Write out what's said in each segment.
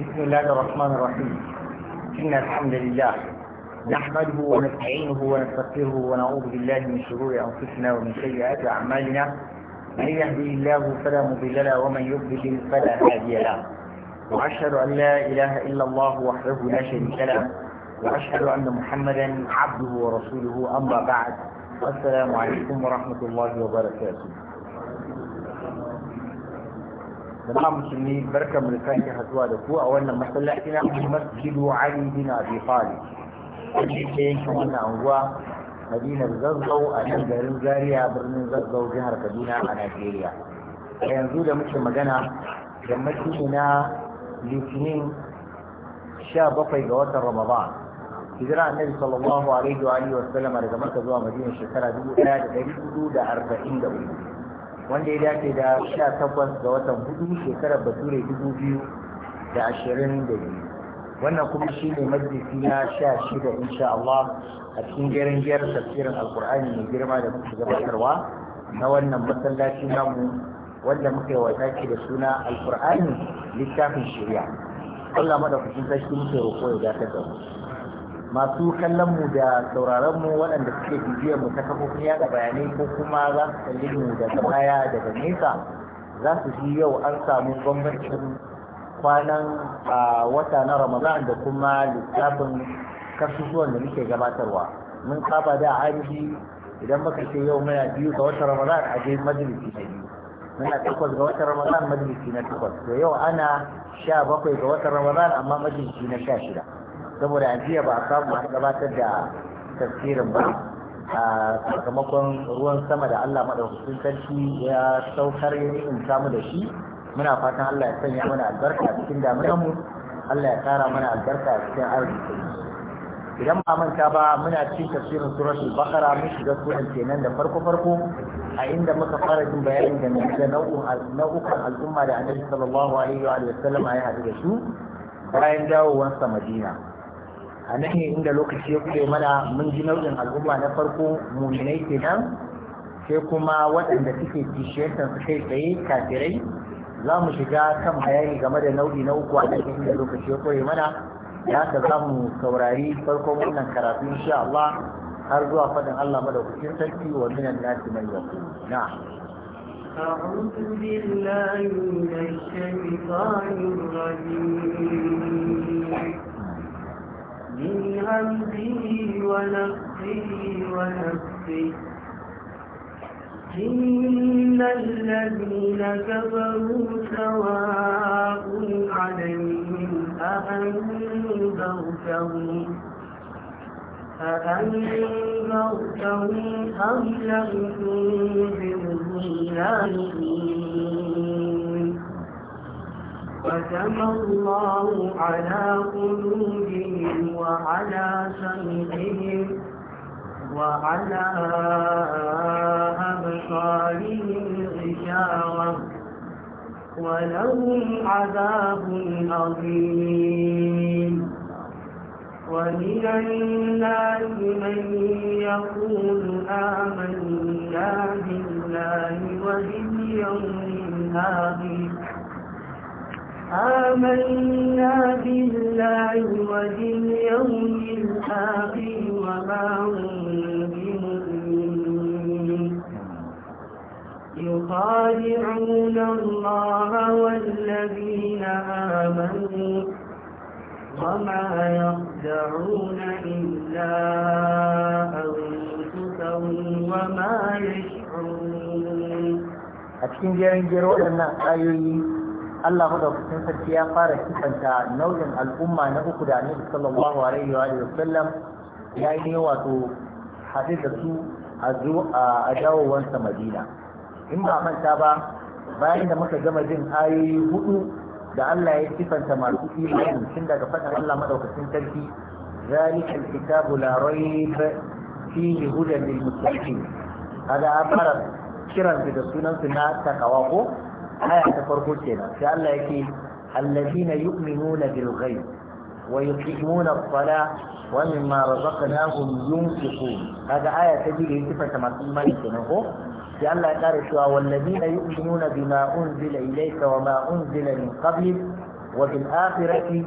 بسم الله الرحمن الرحيم إن الحمد لله نحمده ونستعينه ونستغفره ونعوذ بالله من شرور أنفسنا ومن سيئات أعمالنا من يهدي الله فلا مضل له ومن يضلل فلا هادي له وأشهد أن لا إله إلا الله وحده لا شريك له وأشهد أن محمدا عبده ورسوله أما بعد السلام عليكم ورحمة الله وبركاته jama'a musulmi barkan mu da sake haduwa da ku a wannan masallaci na masjidu ali bin abi talib wanda ke yankin wannan anguwa madinar zazzau a nan garin zaria birnin zazzau jihar kaduna a najeriya a yanzu da muke magana da yammacin na litinin sha bakwai ga watan ramadan hijira annabi sallallahu alaihi wa alihi wa sallama daga maka zuwa madina shekara dubu ɗaya da ɗari hudu da arba'in da hudu wanda ya dace da sha tabbas ga watan hudu shekarar bature dubu biyu da ashirin da biyu wannan kuma shi ne majalisi na sha shida insha Allah a cikin gerin gyar tafsirin alkur'ani mai girma da muke gabatarwa na wannan masallaci namu wanda muka yi wataki da suna alkur'ani littafin shari'a Allah madaukakin sarki muke roƙo ya dakatar da mu masu kallon mu da sauraron mu waɗanda suke bibiyar mu ta kafofin yada bayanai ko kuma za su kalli mu daga baya daga nesa za su ji yau an samu bambancin kwanan a wata na ramadan da kuma lissafin kasusuwan da muke gabatarwa mun saba da ainihi idan muka ce yau muna biyu ga wata ramadan a je majalisi na biyu muna takwas ga wata ramadan majalisi na takwas to yau ana sha bakwai ga wata ramadan amma majalisi na sha shida saboda a jiya ba a samu a gabatar da tafsirin ba a sakamakon ruwan sama da Allah madaukakin sarki ya saukar ya in samu da shi muna fatan Allah ya sanya mana albarka a cikin mu Allah ya kara mana albarka a cikin arziki idan ba manta ba muna cikin tafsirin suratul bakara, mun shiga suran kenan da farko farko a inda muka fara jin bayanin da nau'ukan al'umma da annabi sallallahu alaihi wa sallam ya haɗu da su bayan dawowansa madina a nan inda lokaci ya kuɗe mana mun ji nau'in al'umma na farko muminai nan, sai kuma waɗanda suke kishiyantar su kai tsaye kafirai za mu shiga kan bayani game da nau'i na uku a nan inda lokaci ya kuɗe mana ya haka za mu saurari farkon wannan karatu insha Allah har zuwa faɗin Allah madaukakin sarki wa minan nasi man yaku na أعوذ بالله من الشيطان الرجيم من همزه ونفسه ونفسه إن الذين كفروا سواء عليهم أأنذرتهم أأنذرتهم أم لم تنذرهم لا يؤمنون ختم الله على قلوبهم وعلى سمعهم وعلى أبصارهم غشاوة ولهم عذاب عظيم ومن الناس من يقول آمنا بالله وباليوم الآخر آمنا بالله وباليوم الآخر وما هم بمؤمنين يخادعون الله والذين آمنوا وما يخدعون إلا أنفسهم وما يشعرون Allah madaukakin sarki ya fara kifanta nau'in al'umma na uku da annabi sallallahu alaihi wa sallam ya yi ne wato haɗe da su a zo a dawowansa Madina in ba manta ba bayan da muka gama jin ayoyi hudu da Allah ya kifanta masu imani tun daga faɗin Allah madaukakin sarki ذلك الكتاب لا ريب فيه هدى kada a fara kiransu da sunansu na takawa ko aya ta farko kenan sai Allah yake allazina yu'minuna bil ghaib wa yuqimuna as-salah wa mimma razaqnahum yunfiqun kaga aya ta biyu ita ta masu imani kenan ko sai Allah ya kare cewa wallazina yu'minuna bima unzila ilayka wa ma unzila min qablik wa bil akhirati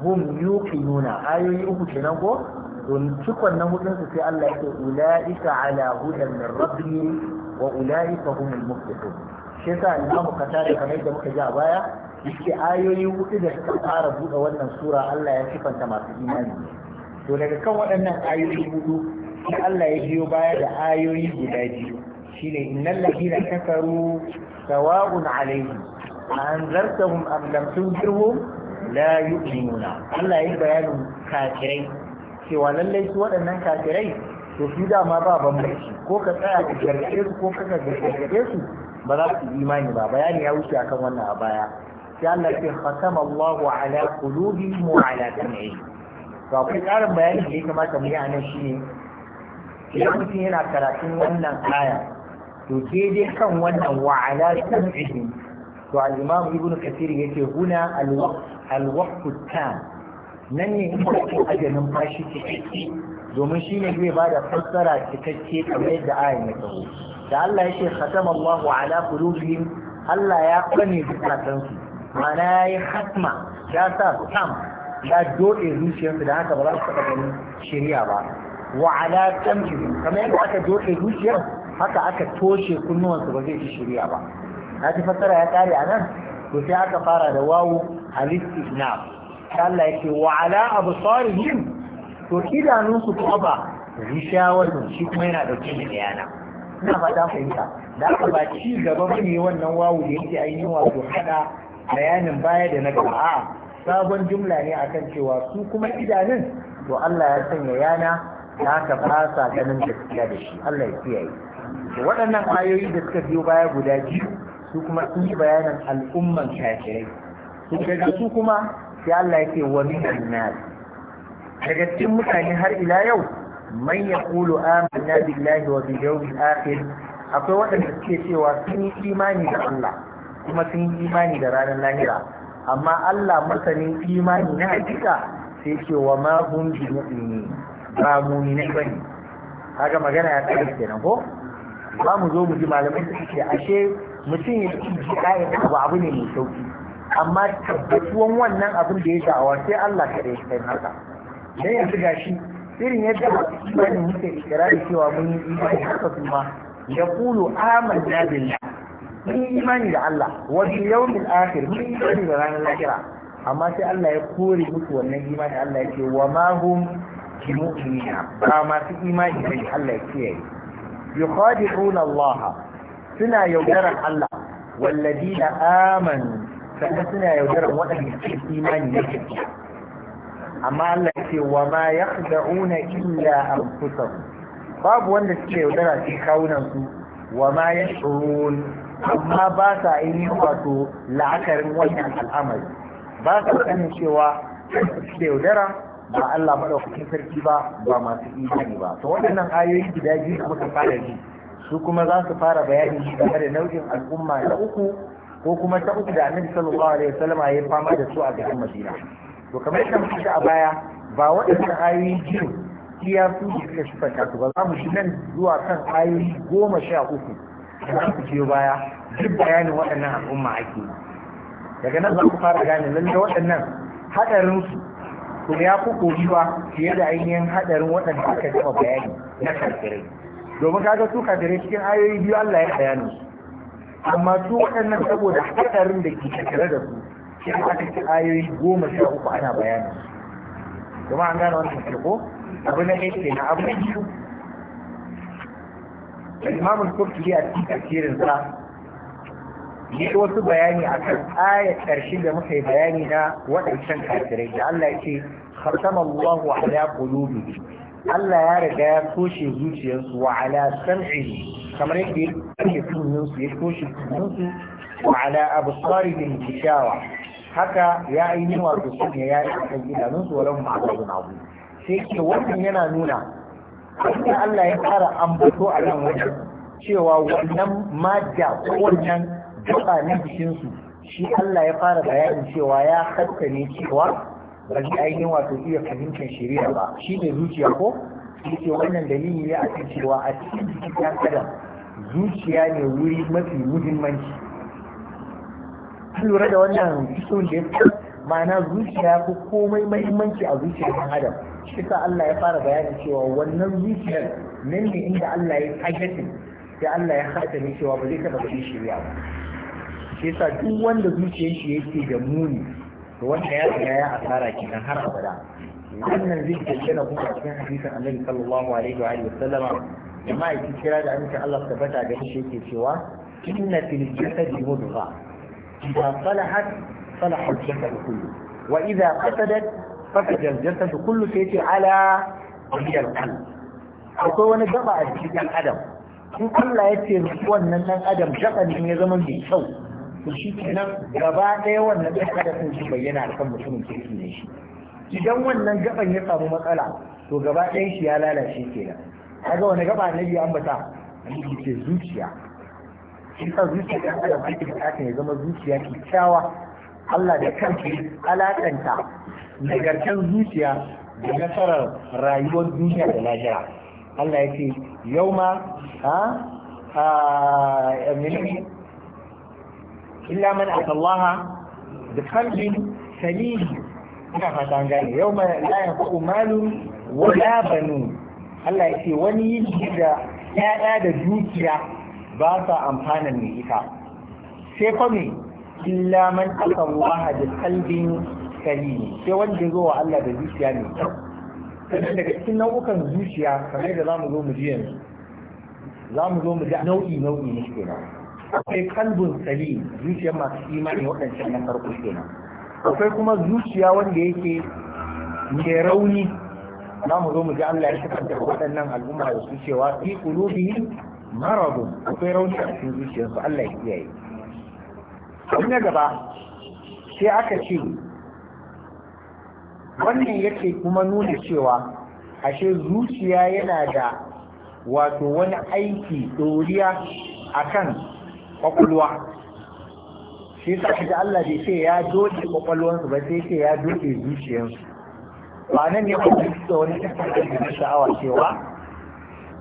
hum yuqinuna ayoyi uku kenan ko don cikon na hudun su sai Allah ya ce ula'ika ala hudan min rabbihim wa ula'ika humul muflihun shi yasa imamu kata da kamar da muka ji a baya yake ayoyi hudu da suka fara buɗe wannan sura Allah ya sifanta masu imani to daga kan waɗannan ayoyi hudu sai Allah ya biyo baya da ayoyi guda biyu shine innal ladina kafaru sawa'un alaihim a anzartahum am lam tunzirhum la yu'minuna Allah ya yi bayanin kafirai cewa lallai su waɗannan kafirai to su dama ba bambanci ko ka tsaya ka gargaɗe su ko ka gargaɗe su ba za su imani ba bayani ya wuce akan wannan a baya sai Allah ya ce khatama Allahu ala qulubihim wa ala sam'ihim to akwai ƙarin bayani da ya kamata mu yi a nan shine idan mutum yana karatun wannan aya to daidai kan wannan wa ala sam'ihim to al-imam ibn kathir yace huna al-waqt al tam nan ne ake ajalin fashi cikakke domin shine zai bada fassara cikakke kamar yadda ayan ya kawo da Allah ya ce khatama Allahu ala qulubihim Allah ya kane zukatansu ma'ana yi hatma ya sa tam ya dode zuciyarsu da haka ba za su taɓa ganin shari'a ba wa ala tamjihim kamar yadda aka dode zuciyar haka aka toshe kunnuwansu ba zai ji shari'a ba na ji fassara ya kare a nan to sai aka fara da wawu al-istinab Allah ya yake wa ala absarihim to idanun idanunsu kuma ba rishawatun shi kuma yana dauke da yana na fata fahimta da aka ba ci gaba ne wannan wawu da yake ainihin wato hada bayanin baya da na gaba a sabon jumla ne akan cewa su kuma idanun to Allah ya sanya yana da ka fasa ganin gaskiya da shi Allah ya kiyaye waɗannan ayoyi da suka biyo baya guda biyu su kuma sun yi bayanin al'umman kafirai su daga su kuma sai Allah yake wani nan daga cikin mutane har ila yau man yaqulu amanna billahi wa bil yawmil akhir akwai waɗanda suke cewa sun yi imani da Allah kuma sun yi imani da ranar lahira amma Allah masanin imani na hakika sai ce wa ma hun bi mu'mini ba mu'mini bane kaga magana ya ke nan ko ba mu zo mu ji malamai su ce ashe mutum ya ci jiƙa'in abu abu ne mai sauki amma tabbatuwan wannan abin da ya sha'awa sai Allah kaɗai ya kai haka dan yanzu gashi irin yadda imani muke ikirari cewa mun yi imani haka su ma ya kulu amanna billah mun yi imani da Allah wa bil yawmil akhir mun yi imani da ranar lahira amma sai Allah ya kore musu wannan imani Allah ya ce wa ma hum bimu'minina ba masu imani bane Allah ya kiyaye yukhadi'una Allah suna yaudaran Allah walladina amanu sannan suna yaudaran waɗanda suke imani ne amma Allah ce wa ma yakhda'una illa anfusahum babu wanda suke yaudara cikin kawunan su wa ma yashurun amma ba sa yi wato la'akarin wannan al'amari ba sa sanin cewa suke yaudara ba Allah madaukakin sarki ba ba masu imani ba to waɗannan ayoyi guda biyu da muka fara ji su kuma za su fara bayani game da nau'in al'umma na uku ko kuma ta uku da annabi sallallahu alaihi wasallam ya fama da su a cikin Madina to kamar yadda muka ga a baya ba waɗannan ayoyi biyu iya su da suka shi su ba za mu shi nan zuwa kan ayoyi goma sha uku da za ku baya duk bayanin waɗannan al'umma ake daga nan za ku fara gane lalle waɗannan haɗarinsu ko ya fi ba fiye da ainihin haɗarin waɗanda aka gama bayani na kafirai domin kaga su kafirai cikin ayoyi biyu Allah ya bayanin su amma su waɗannan saboda haɗarin da ke tattare da su sai aka ci ayoyi goma sha uku ana bayani kuma an gane wannan shi ko abu na ɗaya ke na abu na biyu imam al-kurtubi a cikin tafsirin sa yi wasu bayani akan ayat ƙarshen da muka yi bayani na waɗancan kafirai da Allah ya ce khatama Allahu ala qulubi Allah ya riga ya toshe zuciyarsu wa ala sam'i kamar yadda ya toshe kunninsu ya toshe kunninsu wa ala absarihim kishawa haka ya yi wato shi ne ya yi a kan idanunsu walau ma'azabin abu sai ke wannan yana nuna inda Allah ya fara ambato a nan wajen cewa wannan madda ko wannan duka na jikinsu shi Allah ya fara bayanin cewa ya hatta ne cewa ba zai ainihin wato iya fahimtar shari'a ba shi ne zuciya ko ke wannan dalili ya a kan cewa a cikin jikin ɗan adam zuciya ne wuri mafi muhimmanci an lura da wannan kisun da ya ma'ana zuciya ko komai mahimmanci a zuciyar ɗan adam shi sa Allah ya fara bayani cewa wannan zuciyar nan ne inda Allah ya kajati sai Allah ya hada ne cewa ba zai taɓa ganin shirya ba shi sa duk wanda zuciyar shi yake da muni to wanda ya tsaya ya asara ke kenan har abada wannan zai bayyana kuma cikin hadisin Annabi sallallahu alaihi wa alihi wasallama jama'a ki kira da amincin Allah tabbata da shi yake cewa inna fil jasadi mudghah إذا صلحت صلح الجسد كله وإذا فسدت فسد الجسد كله سيتي على وهي القلب akwai wani gaba a cikin adam in Allah ya ce wannan ɗan adam gaban ya zama mai kyau to shi kenan gaba ɗaya wannan ɗan adam shi bayyana a kan mutumin kirki ne shi idan wannan gaban ya samu matsala to gaba ɗayan shi ya lalace kenan ga wani gaba annabi ya ambata annabi zuciya shi sa zuciya ɗan adam ake buƙatar ya zama zuciya kyakkyawa Allah da kanki alakanta nagartar zuciya da nasarar rayuwar duniya da lahira Allah ya ce yau ma ha a menene illa man atallaha da kalbin salihi ina fata gane yau ma la yanfa'u malu wala banu Allah ya ce wani yin da ƴaƴa da dukiya ba sa amfana mai ita sai kwami illa man aka waha da kalbin ne. sai wanda ya zo wa Allah da zuciya mai kyau daga cikin nau'ukan zuciya kamar da zamu zo mu ji yanzu zamu zo mu ji nau'i nau'i ne kenan akwai kalbin salim zuciyar masu imani waɗancan na farko kenan akwai kuma zuciya wanda yake mai rauni za mu zo mu ji Allah ya shakanta waɗannan al'umma da su cewa fi qulubihim maradu akwai rauni a cikin zuciyarsu Allah ya kiyaye abin na gaba sai aka ce wannan yake kuma nuna cewa ashe zuciya yana da wato wani aiki doriya akan kwakwalwa shi yasa shi Allah bai ce ya doke kwakwalwansu ba sai ce ya doke zuciyarsu ba nan ne kuma da wani tattalin da sha'awa cewa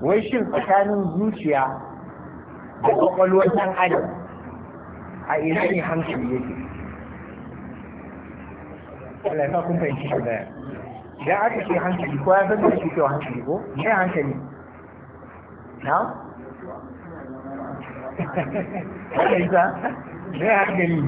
wai shin tsakanin zuciya da kwakwalwar ɗan adam a ina ne hankali yake Allah ya kun fahimci shi daya idan aka ce hankali ko ya san da shi kyau hankali ko ne hankali na haka isa me hankali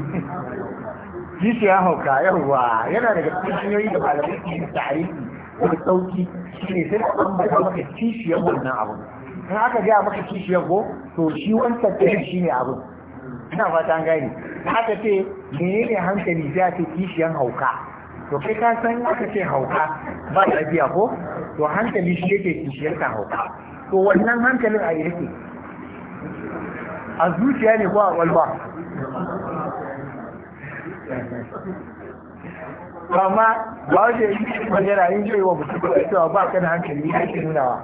zuciya hauka yawwa yana daga cikin hanyoyi da malamai su yi ta'arifi wani sauki shi ne sai ka ambata maka kishiyar wannan abin in aka gaya maka kishiyar ko to shi wancan ɗin shi ne abin ina fata an gane haka ce menene hankali za ce kishiyar hauka to kai ka san aka ce hauka ba biya ko to hankali shi yake kishiyar ka hauka to wannan hankalin a yake a zuciya ne ko a kwalba ba ma ba wace yi magana yin zai wa mutum ba ita, ba ka da hankali ya ke nunawa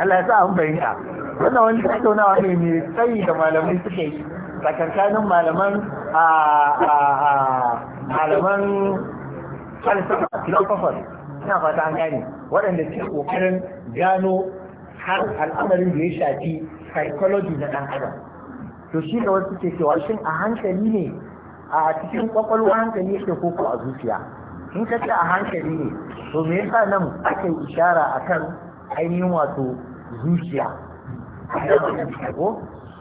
Allah ya sa an bayyana wannan wani tattaunawa ne mai tsayi da malamai suka yi tsakankanin malaman a malaman falsafa filosofar ina fata an gane waɗanda ke ƙoƙarin gano har al'amarin da ya shafi psychology na ɗan adam to shi da wasu ke cewa shin a hankali ne a cikin kwakwalwa hankali yake koko a zuciya in ka ce a hankali ne to me yasa nan ake ishara akan ainihin wato zuciya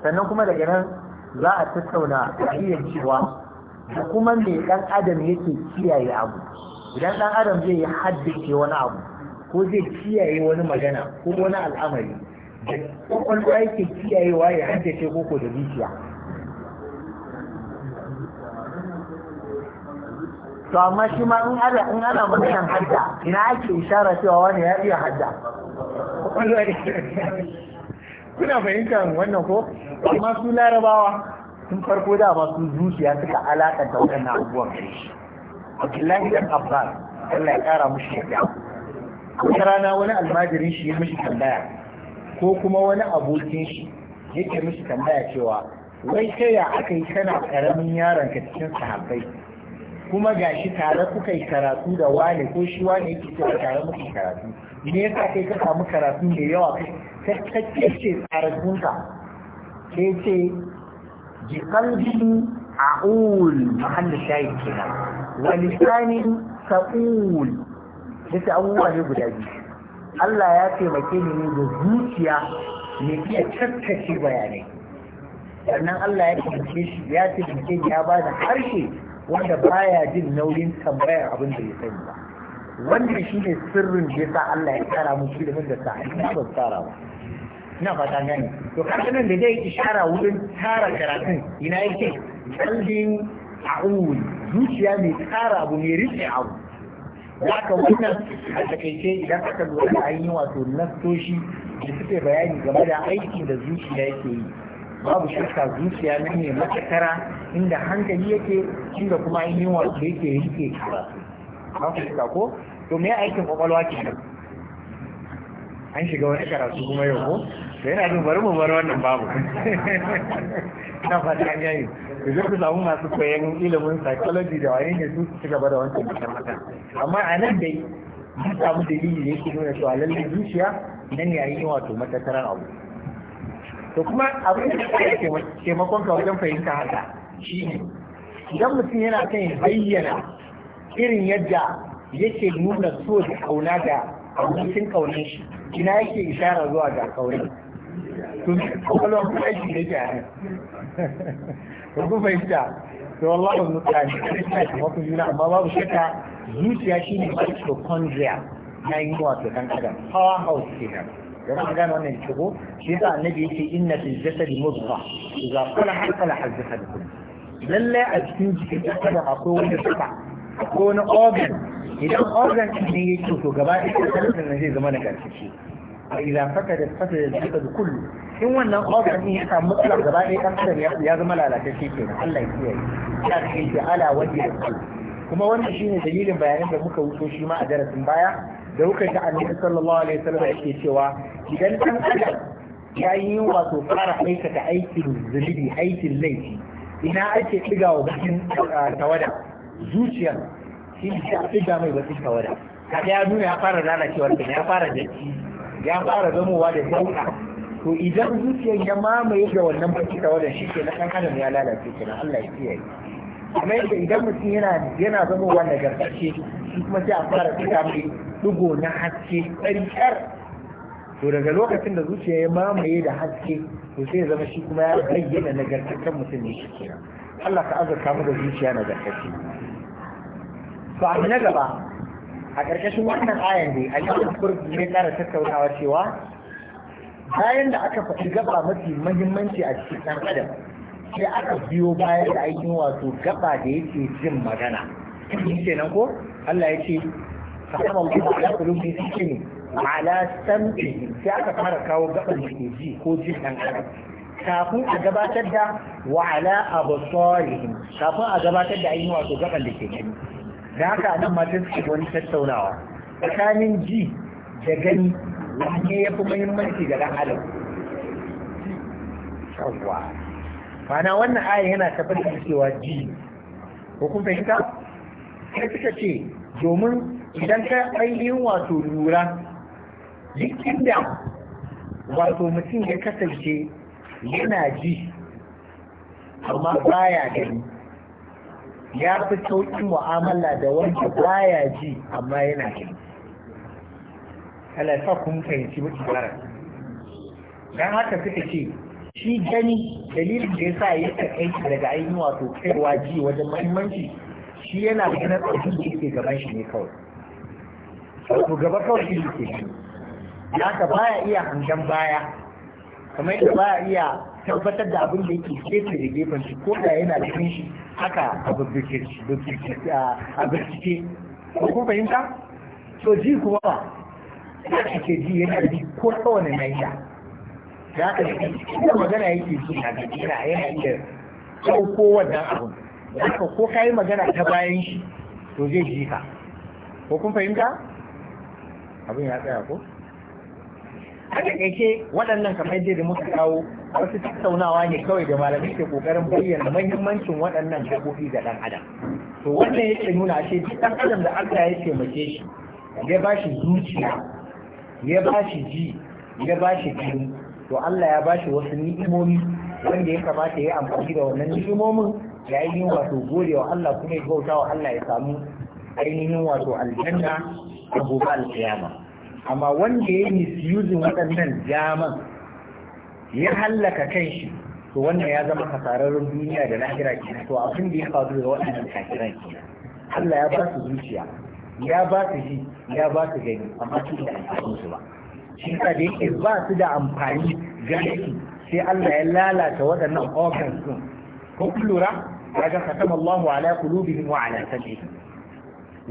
sannan kuma daga nan za a tattauna iya cewa da kuma me dan adam yake kiyaye abu idan dan adam zai yi haddace wani abu ko zai kiyaye wani magana ko wani al'amari da kwakwalwa yake kiyayewa ya haddace koko da zuciya to amma shi ma in ana in ana maganan hadda ina ake isharar cewa wani ya iya hadda kuna fahimtar wannan ko amma su larabawa sun farko da ba su zuciya suka da wannan abubuwan gare shi abdullahi dan abbas Allah ya kara mushi yadda wata rana wani almajirin shi ya mishi tambaya ko kuma wani abokin shi yake mishi tambaya cewa wai kai ya aka yi kana karamin yaron ka cikin sahabbai kuma gashi tare kuka yi karatu da wane ko shi wane yake cewa tare muka karatu me yasa kai ka samu karatu mai yawa ka kacce karatunka sai ce ji kalbin a'ul mahalli shayi kenan wa lisanin sa'ul yace abubuwa ne guda biyu Allah ya taimake ni ne da zuciya mai iya tattace bayanai sannan Allah ya taimake shi ya taimake ya ba da harshe wanda baya jin nauyin tambayar abin da ya sani ba wannan shi ne sirrin da yasa Allah ya tsara mu ilimin da sa ina ba tsara ba ina fata gane to kaga nan da zai ishara wurin tara karatun ina yake kalbin a'ul zuciya mai tsara abu mai rike abu haka wannan a takaice idan aka lura da an yi wato nastoshi da suke bayani game da aikin da zuciya yake yi babu shakka zuciya nan ne matakara inda hankali yake inda kuma ainihin wasu yake rike karatu an fahimta ko to me aikin kwakwalwa ke nan an shiga wani karatu kuma yau ko da yana zuwa bari mu bar wannan babu na fata an yayi da zai ku samu masu koyan ilimin psychology da wani ne su ci gaba da wancan bikin mata amma a nan dai mun samu dalili ne su nuna cewa lallai zuciya nan yayin wato matakaran abu to kuma abin da ke taimakon ka wajen fahimta haka shi ne idan mutum yana kan ya bayyana irin yadda yake nuna so da kauna da abincin kaunin shi ina yake ishara zuwa ga kaunin to kwallon kuma aiki da ke a nan to ku fahimta to wallahi mutane suna taimakon juna amma babu shakka zuciya shine mitochondria na yi wato dan adam power house kenan jama'a gane wannan shigo shi yasa annabi yake inna fil jasadi mudghah idza salaha salaha al-jasad lallai a cikin jikin ɗan akwai wani tuba ko wani organ idan organ ne ya ce to gaba ɗaya sarrafin nan zai zama na karkace a idan faka da fasa da duka da kullu in wannan organ ne ya samu matsala gaba ɗaya ɗan adam ya zama lalatacce ke nan Allah ya kiyaye ya kai shi ala wajen da kuma wannan shine dalilin bayanan da muka wuce shi ma a darasin baya da kuka ga annabi sallallahu alaihi wasallam yake cewa idan dan adam ya yi wato fara aikata aikin zunubi aikin laifi ina ake ɗiga wa bakin ah, tawada zuciya shi ne a ɗiga mai bakin tawada kaga ya nuna ya fara lalacewar ta ya fara datti ya fara zamowa da dauka to idan zuciyar ya mamaye ga wannan bakin tawadan shi ke na kan adam ya lalace kenan Allah ya kiyaye kuma yadda idan mutum yana yana zama wanda gargashe shi kuma sai a fara cika mai dugo na haske tsarkar to daga lokacin da zuciya ya mamaye da haske to sai ya zama shi kuma ya bayyana na gargashen mutum ne shi Allah ka azurta mu da zuciya gargashe to abu na gaba a ƙarƙashin wannan ayan dai al'adun kurdi ne ƙara tattaunawa cewa bayan da aka faɗi gaba mafi mahimmanci a cikin ɗan adam sai aka biyo baya da aikin wato gaba da yake jin magana shi nan ko Allah ya ce kama mutum ala kulubi suke ne ala samfi sai aka fara kawo gaban da ke ji ko jin dan adam kafin a gabatar da wa ala abasarihim kafin a gabatar da ainihin wato gaban da ke gani da haka nan matan suke wani tattaunawa tsakanin ji da gani wani ya fi muhimmanci ga dan adam yawwa ma'ana wannan aya yana tabbatar da cewa ji ko kun fahimta sai suka ce domin idan ka ainihin wato lura jikin da wato mutum ya kasance yana ji amma baya gani ya fi sauƙin mu'amala da wanda baya ji amma yana gani Allah ya sa kun fahimci mutu don haka suka ce shi gani dalilin da ya sa ya kai daga ainihin wato kaiwa ji wajen mahimmanci shi yana ganin abin da yake gaban shi ne kawai wato gaba kawai shi yake shi ka baya iya hangen baya kamar yadda baya iya tabbatar da abin da yake gefe da gefen shi ko da yana cikin shi haka a bincike ko kun fahimta to ji kuma ba ke ji yana ji ko kowane naija za ka ga inda magana yake ji a gaji yana yana iya ɗauko wannan abun haka ko ka yi magana ta bayan shi to zai ji ka ko kun fahimta abin ya tsaya ko a takaice waɗannan kamar yadda da muka kawo wasu tattaunawa ne kawai da malamai ke ƙoƙarin bayyana mahimmancin waɗannan gaɓoɓi ga ɗan adam to wannan yake nuna ashe duk ɗan adam da Allah ya taimake shi ya ba shi zuciya ya ba shi ji ya ba shi jini to Allah ya ba shi wasu ni'imomi wanda ya kamata ya amfani da wannan ni'imomin ya yi wato gode wa Allah kuma ya bauta wa Allah ya samu ainihin wato aljanna a gobe alkiyama amma wanda ya misusing waɗannan jaman ya hallaka kanshi to wannan ya zama hasararren duniya da lahira kenan to abin da ya faru da waɗannan kakiran kenan Allah ya ba su zuciya ya ba su ji ya ba su gani amma su da alƙalin ba shi ka da yake ba su da amfani gare shi sai Allah ya lalata waɗannan organs din ko kun lura kaga katama Allahu ala qulubihim wa ala sam'ihim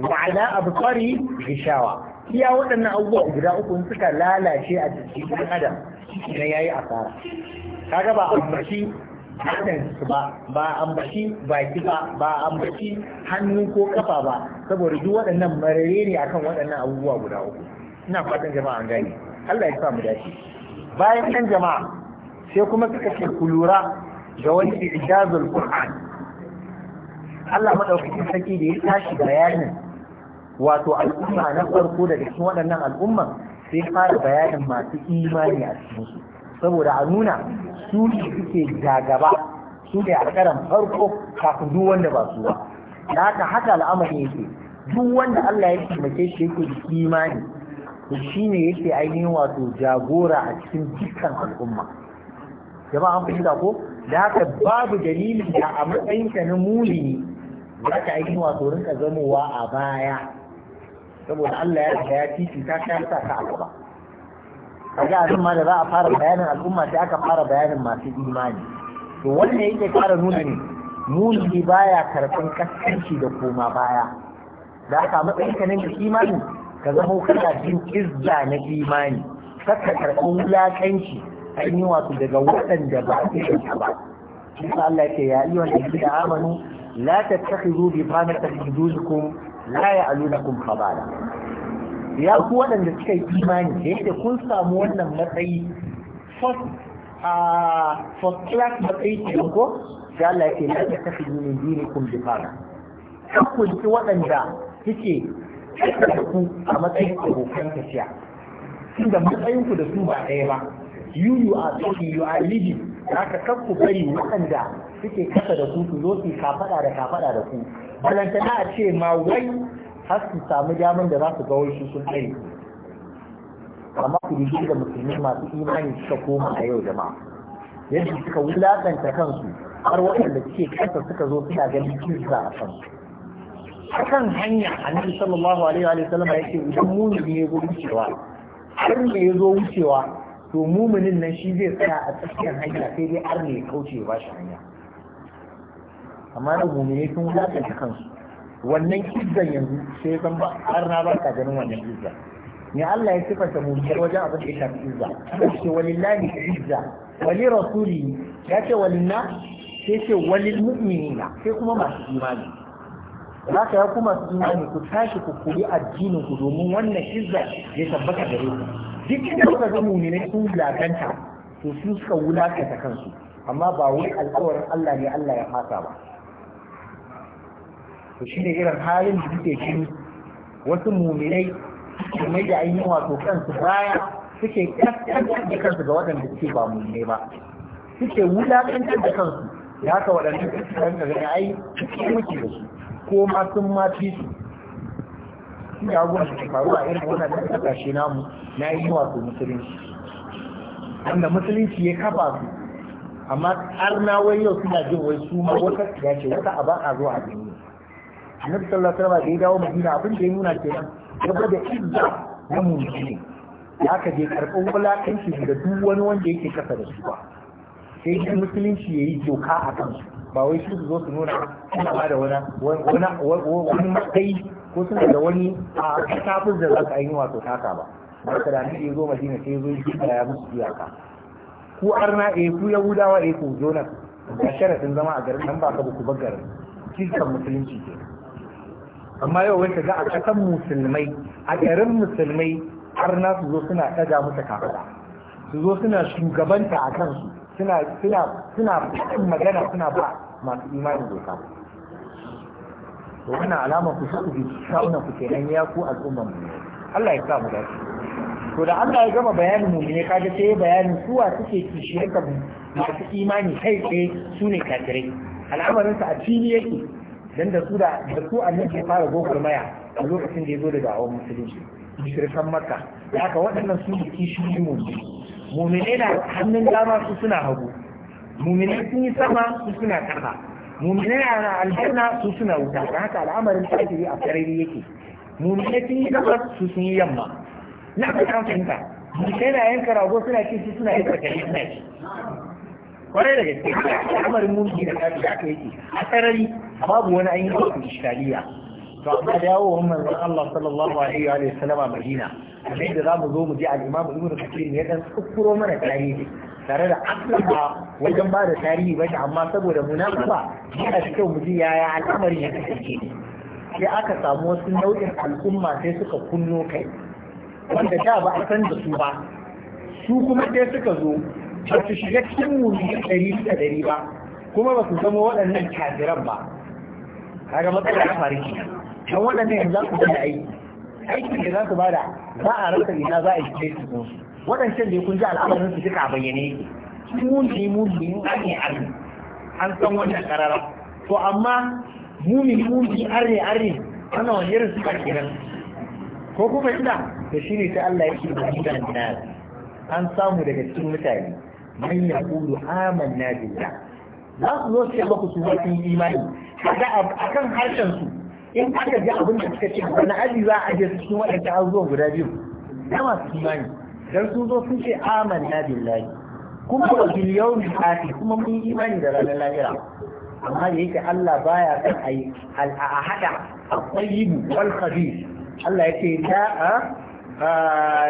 wa ala absari gishawa iya waɗannan abubuwa guda uku suka lalace a jikin ɗan adam na yayi asara kaga ba ambaci su ba ba ambaci baki ba ba ambaci hannu ko kafa ba saboda duk waɗannan marare ne akan waɗannan abubuwa guda uku ina fatan jama'a an gane Allah ya sa mu dace bayan nan jama'a sai kuma suka ce ku lura da wani ijazul qur'an Allah madaukakin sarki da ya tashi bayanin wato al'umma na farko daga cikin waɗannan al'umman sai fara bayanin masu imani a cikin su saboda a nuna su ne suke jagaba su ne a karan farko kafin duk wanda ba su ba da haka haka al'amari yake duk wanda Allah ya taimake shi yake da imani to shine yake ainihin wato jagora a cikin dukkan al'umma jama'a an fahimta ko da haka babu dalili da a matsayinka na muli za ka ainihin wato rinka zamowa a baya saboda Allah ya ya titi ka ya sa ka a gaba a abin ma da za a fara bayanin al'umma sai aka fara bayanin masu imani to wannan yake fara nuna ne muli baya karɓan kaskanci da koma baya da haka matsayinka na imani ka zama kana jin izza na imani kakka karɓi wulaƙanci a yi wasu daga waɗanda ba su yi ba Musa Allah ya ce ya iya wanda da amanu la tattakhidhu bi fanatan bidukum la ya'lunakum khabala ya ku waɗanda suka yi imani da yadda kun samu wannan matsayi first a first class matsayi ce ko sai Allah ya ce la tattakhidhu min dinikum bi fanatan kakku waɗanda kike da a matsayin abokan tafiya tunda matsayin ku da su ba ɗaya ba you you are talking you are living za ka ku bari waɗanda suke kasa da su su zo su kafaɗa da kafaɗa da ku na a ce ma wai har su samu damar da za su ga wai sun tsare amma ku rubuce da musulmi masu imani suka koma a yau jama'a yadda suka wulakanta kansu har waɗanda suke kasa suka zo suna ganin kinsa a kansu akan hanya annabi sallallahu alaihi wa sallam ya ce idan mumin ya zo wucewa har ne ya zo wucewa to muminin nan shi zai tsaya a tsakiyar hanya sai dai har ne ya kauce ba shi hanya amma da mumini sun wulakanta kansu wannan kizzan yanzu sai zan ba har na ba ka ganin wannan kizzan ne Allah ya sifanta mumiyar wajen abin da ya shafi izza ya ce walillahi izza wali rasuli ya ce walinna sai ce walil mu'minina sai kuma masu imani za ka ya kuma su imani ku tashi ku kuri addinin ku domin wannan izza ya tabbata da ku duk inda kuka ga mu'minai sun wulakanta to su suka wulakanta kansu amma ba wai alƙawarin Allah ne Allah ya fasa ba to shi ne irin halin da suke ciki wasu mu'minai suke mai da ainihin wato kansu baya suke kaskantar da kansu ga waɗanda suke ba mu'minai ba suke wulakantar da kansu da haka waɗanda suke kan da ai suke muke da su ko ma sun ma fi su shi da da faru a irin wannan kasashe namu na yi wato musulunci wanda musulunci ya kafa su amma arna wai yau suna jin wai su ma wata ya ce wata a ba a zuwa a gani annabi sallallahu alaihi wasallam da ya dawo madina abin da ya nuna kenan ya gwada izza na ne. ya ka je karɓar wulaƙancin da duk wani wanda yake kasa da su ba sai musulunci ya yi doka a kansu ba wai su zo su nuna suna ba da wani matsayi ko suna da wani a kafin da za ka yi wato taka ba ba ka da ya zo madina sai ya zo shi ya musu iyaka ku arna e ku yahudawa e ku zo na a sharafin zama a garin nan ba ka buku bagar bar garin musulunci ke amma yau wai ga a kasan musulmai a garin musulmai har na su zo suna ɗaga musu kafaɗa su zo suna shugabanta a kansu suna suna suna magana suna ba masu imani doka to wannan alama ku shi ku shaunan ku kenan ya ku al'umman mu Allah ya sa mu dace to da Allah ya gama bayanin mu ne kaga sai bayanin suwa suke kishiyar ka masu imani kai tsaye su ne kafirai al'amarin sa a fili yake dan da su da da su annabi ya fara maya a lokacin da ya zo da dawo musulunci Shirkan makka da haka waɗannan su ne kishiyoyi mu mumine na hannun dama su suna hagu mumine sun yi sama su suna ƙasa mumine na aljanna su suna wuta da haka al'amarin tajiri a sarari yake mumine sun yi gabas su sun yi yamma na ka kan fahimta mumine na yanka rago suna ci su suna yanka kare suna ci kwarai da gaske al'amarin mumine da kafin da aka yake a sarari babu wani ainihin shari'a to amma dawowar manzon Allah sallallahu alaihi wa sallama Madina kamar da zamu zo mu ji al-Imam Ibn Kathir ya dan tsukuro mana tarihi tare da aslan ba wajen ba da tarihi ba amma saboda munafaba yana da kyau mu ji yaya al'amarin ya kasance ne sai aka samu wasu nau'in al'umma sai suka kunno kai wanda da ba a san da su ba su kuma sai suka zo ba su shiga cikin muni ɗari da ɗari ba kuma ba su zama waɗannan kafiran ba kaga matsala ta faru kenan don waɗannan za su da aiki aikin da za su bada za a rasa ina za a yi su waɗancan da kun ji al'amarin su duka a bayyane muni muni in arne arni. an san wannan karara to amma muni muni arni-arni, ana wani irin suka kiran ko kuma ina da shi ne ta Allah ya yake da shi da an samu daga cikin mutane man yaqulu na billah za su zo su ce ku su yi imani a kan harshen su in aka ji abin da suka ce wani aji za a je su cikin waɗanda har zuwa guda biyu na masu imani? dan sun zo sun ce amanna billahi kuma wa bil yawmi akhir kuma mun yi imani da ranar lahira amma da yake Allah baya son ayi al ahada at-tayyib wal khabith Allah yake la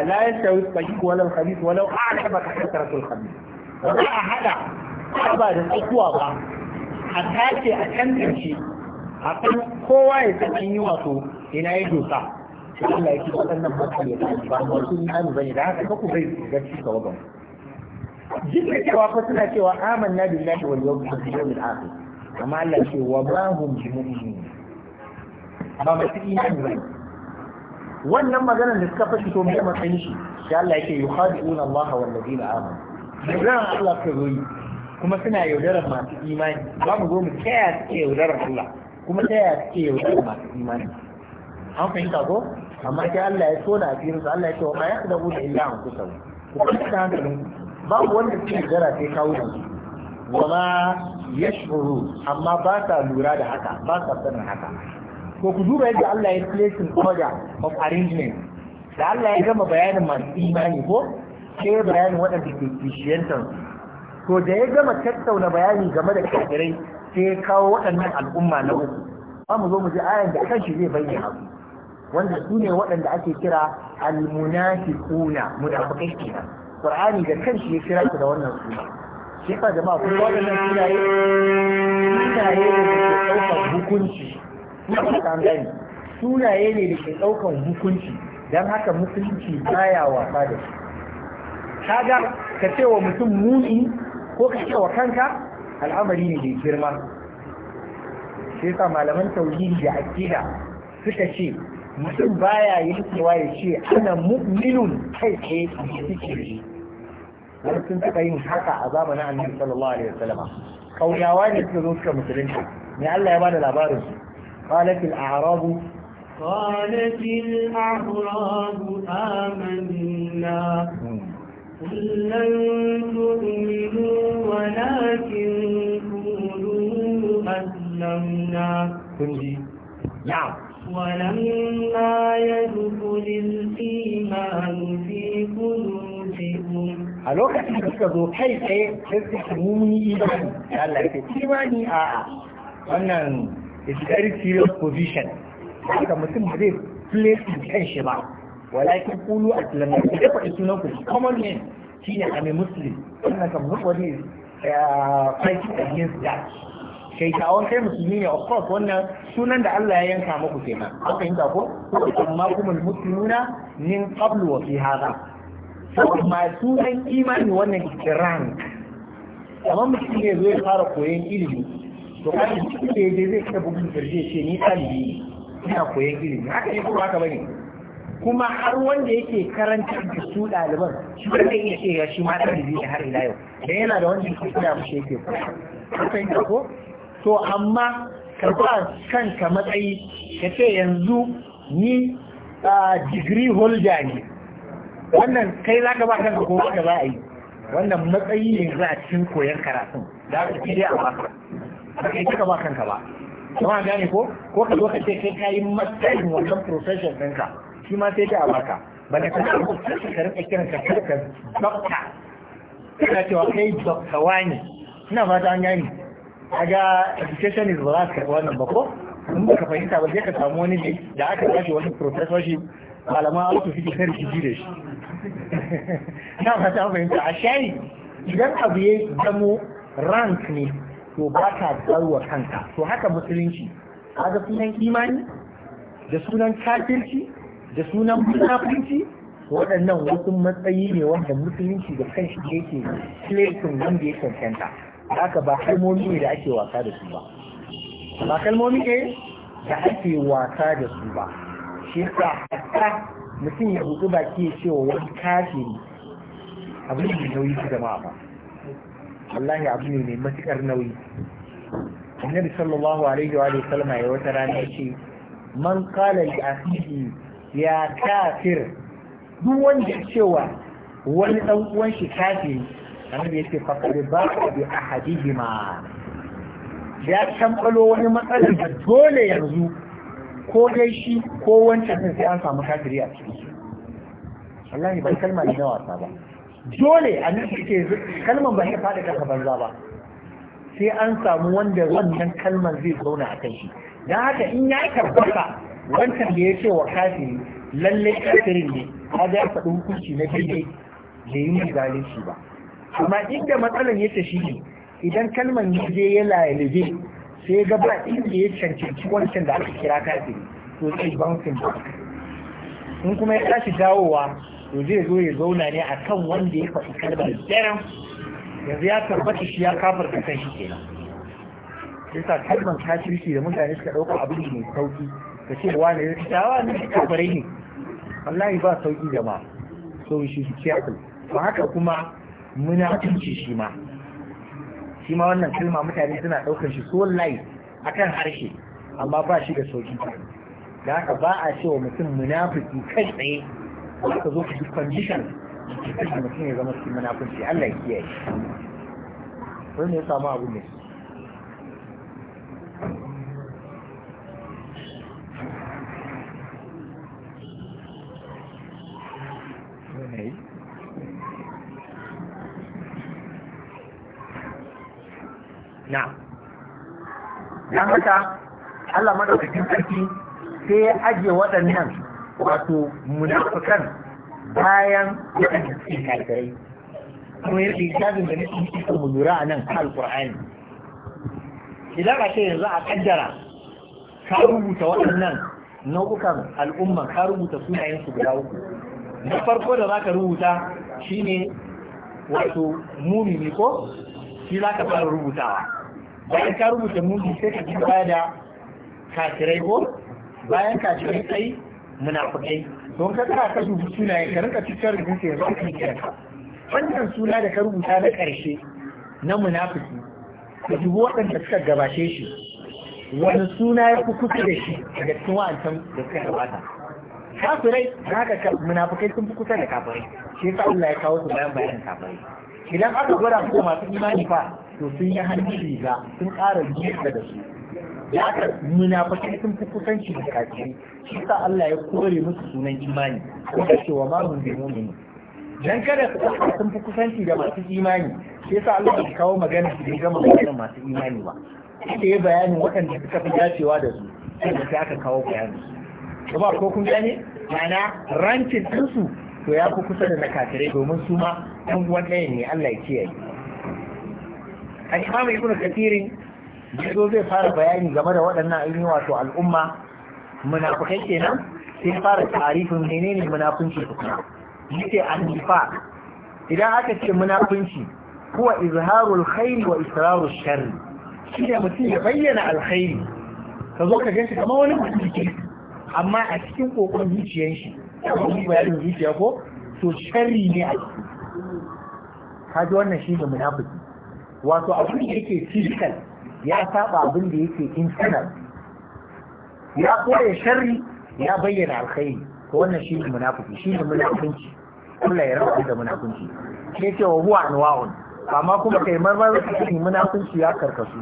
لا يستوي الطيب ولا الخبيث ولو أعجبك كثرة الخبيث ولا أحد أبدا تقوى a أتمنى شيء a kan kowa ya san yi wato ina ya dosa Allah ya ce waɗannan matsaloli ba yi imani bane da haka kaku bai gaci ka wagan duk da cewa fa suna cewa amanna billahi wal yawmil akhir amma Allah ce wa ma hum bi mu'minin ba masu imani bane wannan maganar da suka fashi to mai matsayin shi shi Allah yake yukhadi'una Allah wal ladina amanu yaudaran Allah ka zo yi kuma suna yaudarar masu imani ba mu zo mu kaya suke yaudarar Allah kuma ta yaya suke da masu imani an fahimta ko amma sai Allah ya so da firin su Allah ya ce wa ma ya da bude illa an kusa ku kuma ta hankalin babu wanda ke gara sai kawo da su wama ya shuru amma ba sa lura da haka ba sa sanin haka ko ku duba yadda Allah ya placing order of arrangement da Allah ya gama bayanin masu imani ko sai bayanin waɗanda ke kishiyantar to da ya gama tattauna bayani game da kafirai sai ya kawo waɗannan al'umma na uku ba mu zo mu ji ayan da kanshi zai bayyana su wanda su ne waɗanda ake kira almunafiquna munafiqai kenan qur'ani da kanshi ya kira su da wannan suna shi fa jama'a kun waɗannan sunaye sunaye ne da ke ɗaukar hukunci na kan gani sunaye ne da ke ɗaukar hukunci don haka musulunci baya wasa da shi kaga ka ce wa mutum muni ko ka ce wa kanka al'amari ne mai girma sai sa malaman tauhidi da aqida suka ce mutum baya yankewa ya ce ana mu'minun kai tsaye suke shi wani sun taɓa yin haka a zamanin annabi sallallahu alaihi wasallam kauyawa ne suka zo suka musulunta me Allah ya bada labarin su qalat al a'rab qalat al a'rab amanna hmm. لن تؤمنوا ولكن قولوا أسلمنا نعم ولما يدخل الإيمان في قلوبكم a lokacin da suka zo kai tsaye sai suka mumuni imani da Allah ke imani a wannan is very serious position haka mutum ba zai kan shi ba walakin qulu aslamna ku da faɗi sunan ku common name shine am a muslim wannan kan nobody eh, fighting against that kai ka awon kai musulmi ne of course wannan sunan da Allah ya yanka maku kenan an fahimta ko amma kuma muslimuna min qablu wa fi hada amma sunan imani wannan kiran kamar mutum ne zai fara koyon ilimi to kan shi ne zai kai bugun kirje ce ni talibi ina koyon ilimi haka ne ko haka kuma har wanda yake karanta da su ɗaliban shi ba zai iya ce ya shi ma ɗalibi ne har ila yau da yana da wanda yake koya mushi yake ka ko to amma ka ba kanka matsayi ka ce yanzu ni a digiri holder ne wannan kai za ka ba kanka ko wanda za a yi wannan matsayi ne za a cikin koyon karatun da aka fi dai a ba ka kai ka ba kanka ba kuma gane ko ko ka zo ka ce kai kayi matsayin wannan profession ɗinka shi ma sai ta baka ba da kana ka rinka kiran ka ka dokta kana cewa kai dokta wani ina fata an gani ga education is ba ka wannan ba ko in ba ka fahimta ba zai ka samu wani ne da aka tashi wani shi malaman alku suke kan rikici da shi na fata fahimta a shayi idan abu ya zamo rank ne to ba ka tsarwa kanka to haka musulunci kaga sunan imani da sunan kafirci da sunan munafinci waɗannan wasu matsayi ne wanda musulunci da kan shi yake kilekin wanda ya cancanta haka ba kalmomi ne da ake wasa da su ba ba kalmomi ne da ake wasa da su ba shi yasa hatta mutum ya buɗi ba ke cewa wani abu ne mai nauyi su jama'a ba wallahi abu ne mai matukar nauyi annabi sallallahu alaihi wa sallama ya wata rana ya ce man kala li akhihi ya kafir duk wanda cewa wani dan uwan shi kafi annabi yake fakar ba ka bi ahadihima ya tambalo wani matsalar da dole yanzu ko dai shi ko wancan sai an samu kafiri a ciki wallahi ba kalma ne wasa ba dole a nan suke kalman ba ya faɗi kaka banza ba sai an samu wanda wannan kalman zai zauna a kan shi don haka in ya tabbata wancan da ya ce wa kafiri lalle kafirin ne ka ga faɗi hukunci na daidai da yi zalunci ba amma inda matsalan yake shi ne idan kalman ya je ya lalabe sai ga ba inda ya cancanci wancan da aka kira kafiri to sai bouncing ba in kuma ya tashi dawowa to zai zo ya zauna ne a kan wanda ya faɗi kalmar daren yanzu ya tabbata shi ya kafar da kan shi kenan sai sa kalmar kafirci da mutane suka ɗauka abin mai sauki ka ce ne ya tawa ne kafirai ne wallahi ba sauki jama'a so shi su careful ba haka kuma munafunci shi ma shi ma wannan kalma mutane suna ɗaukar shi so light akan harshe amma ba shi da sauki da haka ba a cewa mutum munafiki kai tsaye ba ka zo ka ji condition da mutum ya zama cikin munafunci Allah ya kiyaye wani ya samu abu ne aka na na haka Allah madaukakin sarki sai ya ajiye waɗannan wato munafukan bayan waɗanda suke kafirai kuma yadda hijabin da nake cikin mu lura a nan alƙur'ani idan a ce yanzu a kaddara ka rubuta waɗannan nau'ukan al'umma ka rubuta sunayen su guda uku na farko da ka rubuta shi ne wato mumini ko shi za ka fara rubutawa bayan ka rubuta mumini sai ka duba da kafirai ko bayan kafirai muna kudai. don ka kara ka dubi sunaye ka rinka cikin rubuta sai zaka yi kanka wannan suna da ka rubuta na karshe na munafuki ka dubi waɗanda suka gabashe shi wani suna ya fi kusa da shi daga cikin wa'ancan da suka gabata kafirai haka munafikai sun fi kusa da kafirai shi yasa Allah ya kawo su bayan bayanin kafirai idan aka gwada su da masu imani fa to sun yi hannun riga sun ƙara jiya da su ya ka munafikai sun fi kusanci da kafirai shi yasa Allah ya kore musu sunan imani ko da cewa ma mun bi mu'mini dan kada su ɗauka sun fi kusanci da masu imani shi yasa Allah ya kawo magana su ga magana masu imani ba sai ya bayanin waɗanda suka fi dacewa da su sai da aka kawo bayanin ba ko kun gane ma'ana rankin ɗinsu to ya fi kusa da na kafirai domin su ma ɗan uwan ne Allah ya kiyaye a imamu ibnu kasirin yazo zai fara bayani game da waɗannan ainihin wato al'umma munafukai kenan sai fara tarifin menene munafunci tukuna yace nufa. idan aka ce munafunci huwa izharul khairi wa israrul sharri shine mutum ya bayyana alkhairi ka zo ka ganshi kamar wani mutum ke. amma a cikin kokon zuciyar shi wani bayanin zuciya ko to shari ne a ciki kaji wannan shi ne munafiki wato abin da yake physical ya saba abin da yake internal ya koya shari ya bayyana alkhairi to wannan shi ne munafiki shi ne munafunci Allah ya rabu da munafunci Ke ce wa huwa anwa'un amma kuma kai marmar munafunci ya karkasu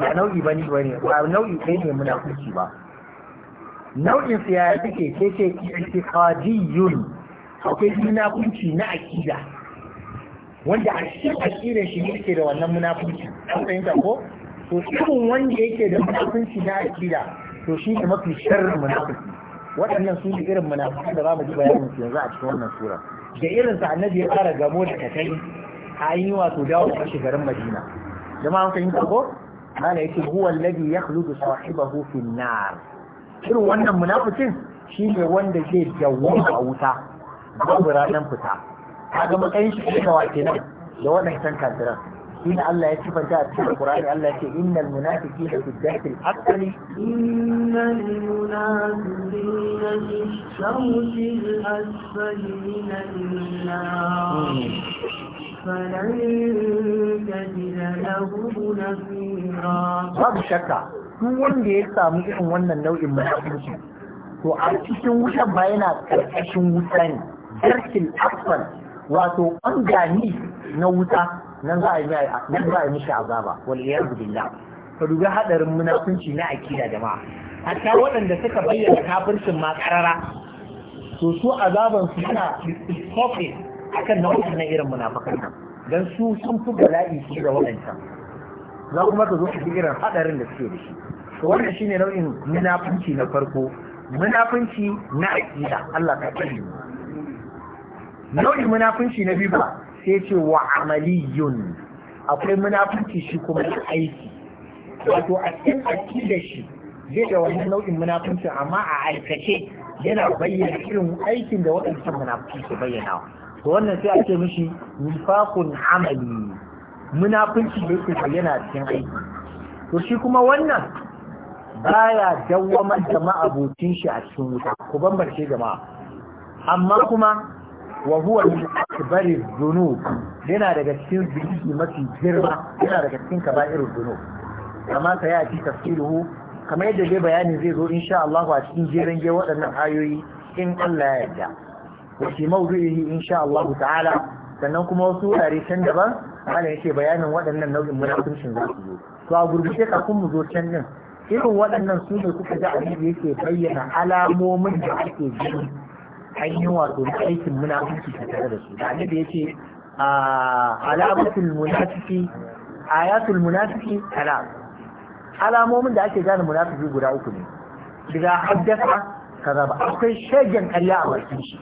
ba nau'i ba ne. ba nau'i ɗaya ne munafunci ba nau'in su ya take sai ce i'tiqadiyyun akwai munafunci na akida wanda a cikin akidan shi yake da wannan munafunci an fahimta ko to irin wanda yake da munafunci na akida to shi ne mafi sharrin munafiki waɗannan su ne irin munafiki da za mu ji bayanin su yanzu a cikin wannan sura da irin sa annabi ya fara gamo da kakai a yi wato dawo da shi garin Madina jama'an fahimta ko mana yake huwa alladhi yakhludu sahibahu fi nar irin wannan munafikin shi ne wanda zai dawwama a wuta babu ranar fita kaga matsayin shi da wake nan da waɗancan kafiran shi ne Allah ya sifanta a cikin Qur'ani Allah ya ce innal munafiqina fi dhahri al-asfali innal munafiqina fi shamsi al-asfali min an-nar فلن تجد له نصيرا. ما بشكل duk wanda ya samu irin wannan nau'in mutunci to a cikin wutan ba yana karkashin wuta ne jirkin asfal wato ɓangani na wuta nan za a yi a mishi azaba wal iyadu billah ka dubi hadarin munafunci na akida jama'a hatta waɗanda suka bayyana kafircin ma karara to su azaban su yana tsofe akan nau'in na irin munafikan nan dan su sun fi bala'i su da waɗancan za kuma ka zo su irin hadarin da suke da shi to wannan shine nau'in munafunci na farko munafunci na aqida Allah ka kare nau'in munafunci na biyu sai ce wa amaliyun akwai munafunci shi kuma na aiki wato a cikin aqida shi zai da wani nau'in munafunci amma a aikace yana bayyana irin aikin da waɗancan munafunci ke bayyana to wannan sai ake mishi nifaqun amali munafunci da yake yana cikin aiki to shi kuma wannan baya dawwamar da ma'abocin shi a cikin wuta ku bambance jama'a amma kuma wa huwa min dhunub yana daga cikin zunubi mafi girma yana daga cikin kaba'ir dhunub amma sai ya ci tafsiruhu kamar yadda dai bayani zai zo insha Allah a cikin jeren ge waɗannan ayoyi in Allah ya yarda wa fi mawdu'ihi insha Allah ta'ala sannan kuma wasu wurare can daban malam yake bayanin waɗannan nau'in munafincin za su zo to a gurgurce kafin mu zo can din irin waɗannan su ne suka ji abin da yake bayyana alamomin da ake gani hanyoyin wato na aikin munafiki tare da su da annabi yake alamatul munafiki ayatul munafiki kalam alamomin da ake gane munafiki guda uku ne daga haddasa ka ba akwai shagen karya a bakin shi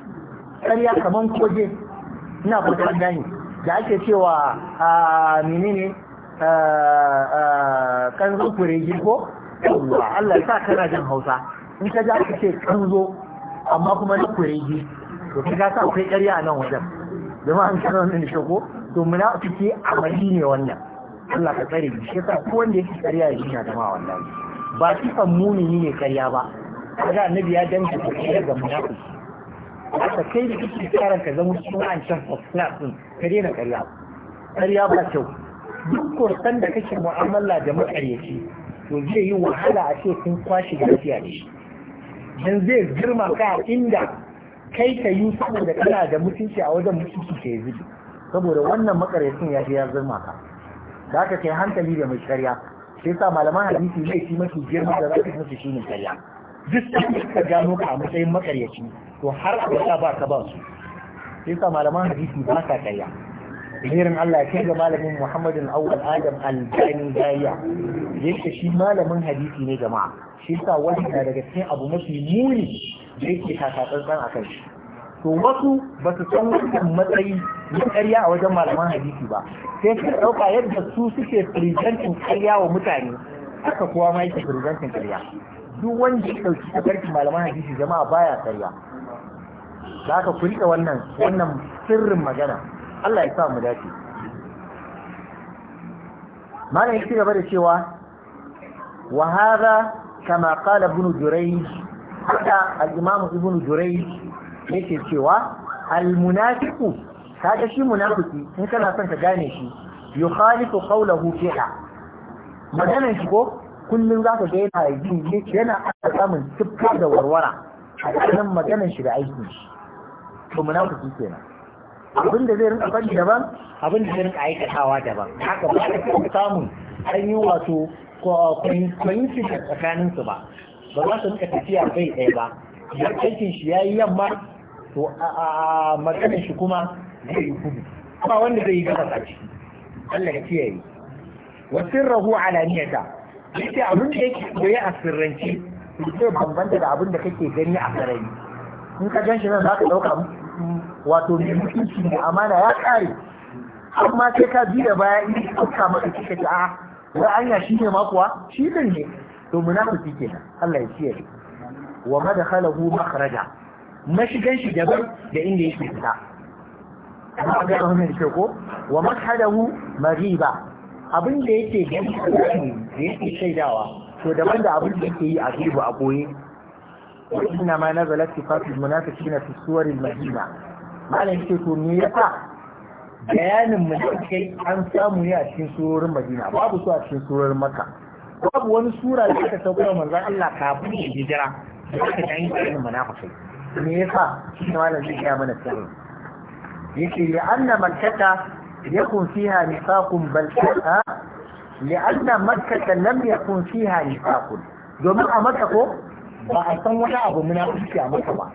ƙarya kaman koje ina fatan gani da ake cewa menene kan zukure ko yawwa Allah ya sa kana jin Hausa in ka ji aka ce kanzo amma kuma na kuregi to kaga sa akwai ƙarya a nan wajen jama'a an kana wannan shi ko to munafiki amali ne wannan Allah ka tsare shi shi ko wanda yake ƙarya ya jina jama'a wallahi ba sifan mumini ne ƙarya ba kaga annabi ya danta ƙarya ga munafiki Aka kai da kike karan ka zama cikin an can fasna din ka daina ƙarya ƙarya ba kyau duk kursan da kake mu'amala da makaryaci to zai yi wahala a ce sun kwashi lafiya da dan zai girma ka inda kai ka yi saboda kana da mutunci a wajen mutunci ke yi zubi saboda wannan makaryacin ya ya girma ka da aka kai hankali da mai karya sai sa malaman hadisi zai fi mafi girma da za ka shi ne karya duk da ka gano ka a matsayin makaryaci to har abada ba ka ba su sai sa malaman hadisi ba ka karya zirin Allah kai ga malamin Muhammadin Awwal Adam Al-Jani Daya yake shi malamin hadisi ne jama'a shi sa wani na daga cikin abu mafi muni da yake takatsantsan akan shi to wasu ba su san wannan matsayi na ƙarya a wajen malaman hadisi ba sai su ɗauka yadda su suke presenting ƙarya wa mutane haka kowa ma yake presenting ƙarya duk wanda ya ɗauki a tabarkin malaman hadisi jama'a baya ƙarya Za ka ku riƙe wannan wannan sirrin magana Allah ya sa mu dace malam ya ci gaba da cewa wa hadha kama qala ibn jurayj haka al-imam ibn jurayj yake cewa al-munafiqu kaga shi munafiki in kana son ka gane shi yukhalifu qawluhu fiha maganar shi ko kullum za ka ga yana yi yana aka samun tuffa da warwara a cikin maganar shi da aikin shi to munafiki kenan abin da zai rinka bari daban abin da zai rinka aikatawa daban haka ba ka samun hanyu wato kwanci tsakanin su ba ba za su rinka tafiya bai ɗaya ba idan aikin shi ya yi yamma to a maganar shi kuma zai yi kudu ba wanda zai yi gabas a ciki Allah ya kiyaye wa sirruhu alaniyata yace abin da yake koyi a sirrance zai bambanta da abin da kake gani a sarari in ka gan shi nan za ka ɗauka wato mai mutunci da amana ya kare amma sai ka bi da baya in ka maka kika ta a wai anya shi ne ma kuwa shi din ne to munafiki kenan Allah ya kiyaye wa madkhalahu makhraja mashigan shi daban da inda yake fita amma ga wannan shi ko wa madkhalahu mariba abin da yake da yake shaidawa to daban da abin da yake yi a gibu a koye. boye وإنما نزلت صفات المنافقين في السور المهينة malam yake to ya yasa bayanin mu kai an samu ya cikin surorin Madina babu su a cikin surorin Makka babu wani sura da aka sauka manzon Allah kafin ya hijira da aka dan yi munafikai me yasa shi malam zai ya mana sirri yake ya anna makkata yakun fiha nifaqun bal ta li anna makkata lam yakun fiha nifaqun domin a makka ko ba a san wani abu munafiki a makka ba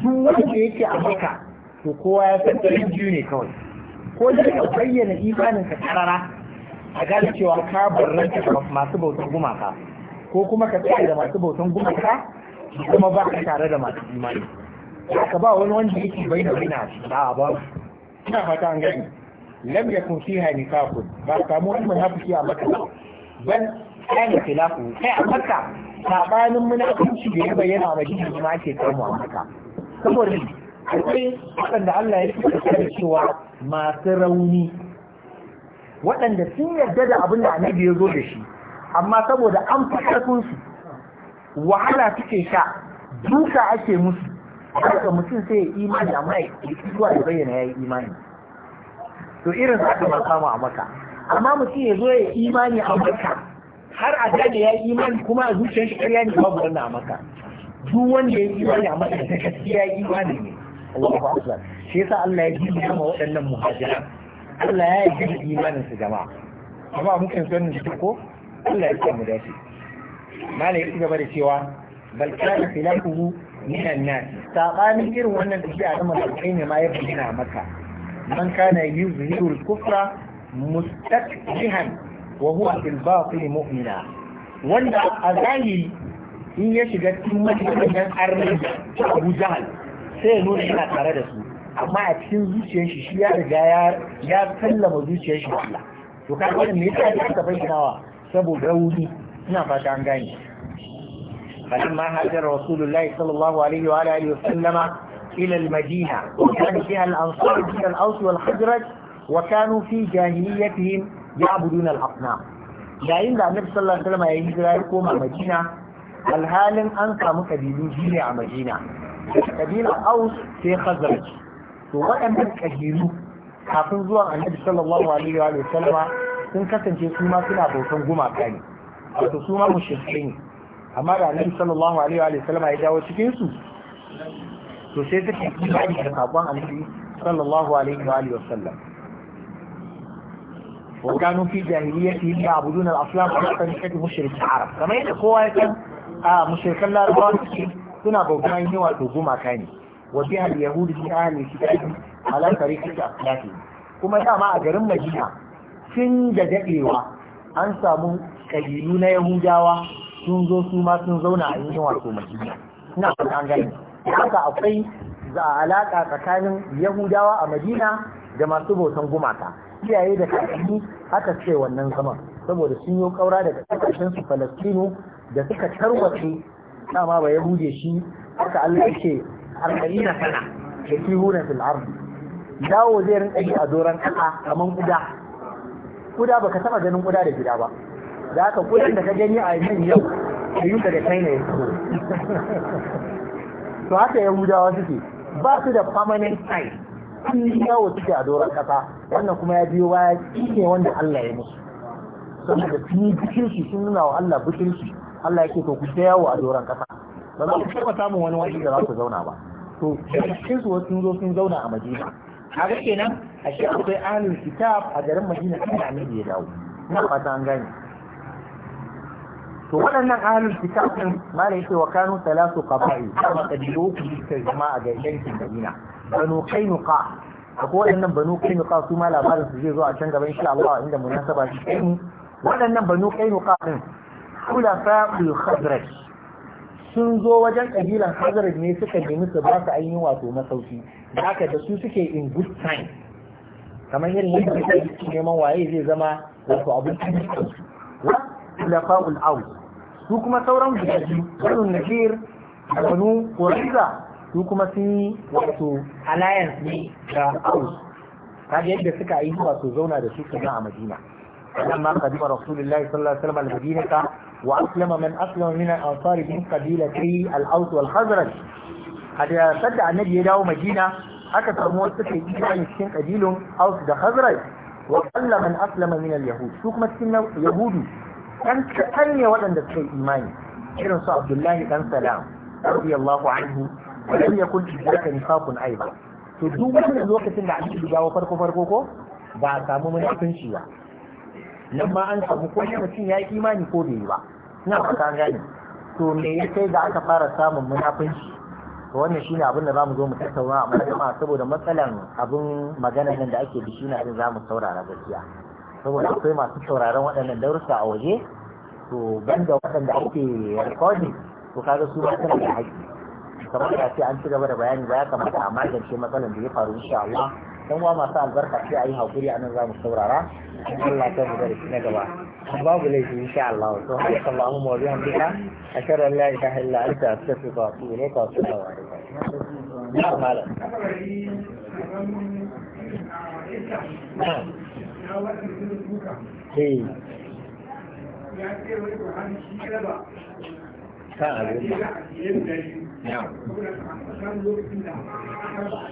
duk wanda yake a maka to kowa ya san da biyu ne kawai ko da ka bayyana imanin ka karara a gane cewa ka barranta da masu bautan gumaka ko kuma ka tsaye da masu bautan gumaka kuma ba ka tare da masu imani ka ba wani wanda yake bayyana bina ba ba ina fata an gani lam yakun fiha nifaqun ba samu wani munafiki a maka ban kan khilafu kai a maka sabanin munafiki da ya bayyana wa madina ma ake kawo a maka saboda akwai waɗanda Allah ya fi da cewa masu rauni waɗanda sun yarda da abin da annabi ya zo da shi amma saboda an sun su, wahala suke sha duka ake musu haka mutum sai ya imani a mai zuwa da bayyana ya yi imani to irin su aka samu a maka amma mutum ya zo ya imani a maka har a da ya yi imani kuma a zuciyar shi ƙarya ne babu wannan a maka duk wanda ya yi imani a maka da gaskiya imani ne Allahu akbar shi yasa Allah ya ji kama waɗannan muhajiran Allah ya yi imanin su jama'a amma mun kan sanin shi ko Allah ya samu dace malai ya gaba da cewa bal kana khilafuhu min an-nas sabanin irin wannan da shi a zaman ne ma ya bayyana maka man kana yuzhiru al-kufra mustaqbihan wa huwa fil batil mu'mina wanda a zahiri in ya shiga cikin majalisar arna Abu Jahal sai ya nuna yana tare da su amma a cikin zuciyar shi shi ya riga ya sallama zuciyar shi Allah to ka ga me yasa ake bayyanawa saboda rauni ina fata an gane فلما هاجر رسول الله صلى الله عليه وعلى اله وسلم الى المدينه وكان فيها الانصار من الاوس والخزرج وكانوا في جاهليتهم يعبدون الاصنام yayin da annabi sallallahu alaihi wasallam ya hijira ya koma madina alhalin an samu kabilu biyu a madina kabila aus sai khazraj to waɗannan kabilu kafin zuwan annabi sallallahu alaihi wa sallama sun kasance su ma suna bautan gumaka ne wato su ma mushrikai ne amma da annabi sallallahu alaihi wa sallama ya dawo cikin su to sai suka imani da sakon annabi sallallahu alaihi wa sallam وكانوا في جاهليتهم يعبدون الاصنام حتى نشهد مشرك العرب kowa ya san. a mushrikan larabawa suna bautan yi wato gumaka ne wa bi al yahudi bi ahli kitabi ala a akhlafi kuma dama a garin Madina sun da dadewa an samu kabilu na Yahudawa sun zo su ma sun zauna a yin wato Madina ina fata an gani haka akwai za a alaka tsakanin Yahudawa a Madina da masu bautan gumaka iyaye da kakanni aka ce wannan zaman saboda sun yi kaura daga kasashen su Falastinu da suka tarwace dama ba ya buje shi haka Allah yake na sana da kihuna fil ardi dawo zai rinka yi a doran kasa kaman kuda kuda baka taba ganin kuda da gida ba da haka kudin da ka gani a nan yau yi daga China ya fito to haka Yahudawa suke ba su da permanent site sun yi yawo suke a doron kasa wannan kuma ya biyo baya shi ne wanda Allah ya musu saboda tuni bikin shi sun nuna wa Allah bikin shi. Allah yake to ku ta yawo a doron kasa ba za ku taɓa samun wani waje da za ku zauna ba to cikin su sun zo sun zauna a Madina kaga kenan a shi akwai alin kitab a garin Madina kan Annabi ya dawo ina fata an gane to waɗannan alin kitab din mara yake wa kanu a qaba'i kuma kabilu ku suka jama'a ga yankin Madina banu Qainuqa akwai waɗannan banu Qainuqa su ma labarin su zai zo a can gaban insha Allah inda munasaba shi waɗannan banu Qainuqa din khulafa al khadraj sun zo wajen kabilan khadraj ne suka nemi musu ba su ainihin wato masauki haka da su suke in good time kamar irin yadda suke neman waye zai zama wato abin kansu wa khulafa al a'u? su kuma sauran gudaji wannan nashir da banu qurayza su kuma sun yi wato alliance ne da aus kaga yadda suka yi wato zauna da su kuma a madina فلما قدم رسول الله صلى الله عليه وسلم المدينة وأسلم من أسلم من الأنصار من قبيلتي الأوس والخزرج هذا صدع النبي مدينة aka samu wasu suka yi imani cikin kabilun Aus da Khazraj wa qalla man aslama su kuma cikin yahudu dan kaɗan ne waɗanda suka yi imani irin su Abdullahi dan Salam radiyallahu anhu wa lam yakun tilka nifaqun aiba to duk wannan lokacin da aka dawo farko farko ko ba a samu munafinci ba nan ma an samu ko ne mutum ya yi imani ko bai yi ba ina fata gane to me ya kai da aka fara samun munafunci to wannan shine abin da zamu zo mu tattauna a majama'a saboda matsalan abin magana nan da ake da na din zamu saurara gaskiya saboda akwai masu sauraron waɗannan darussa a waje to banda waɗanda ake recording to kaga su ba su da haƙƙi kamar da ce an ci gaba da bayani ba ya kamata a magance matsalan da ya faru insha Allah dan wa masu albarka sai a yi haƙuri a nan za mu saurara in Allah ta mu darasi na gaba babu laifi insha Allah to har sallahu mu wa bihamdika a an la ilaha illa anta astaghfiruka wa atubu ilayka wa assalamu alaikum na'am malam eh ya ce wani ko hannu shi kada ba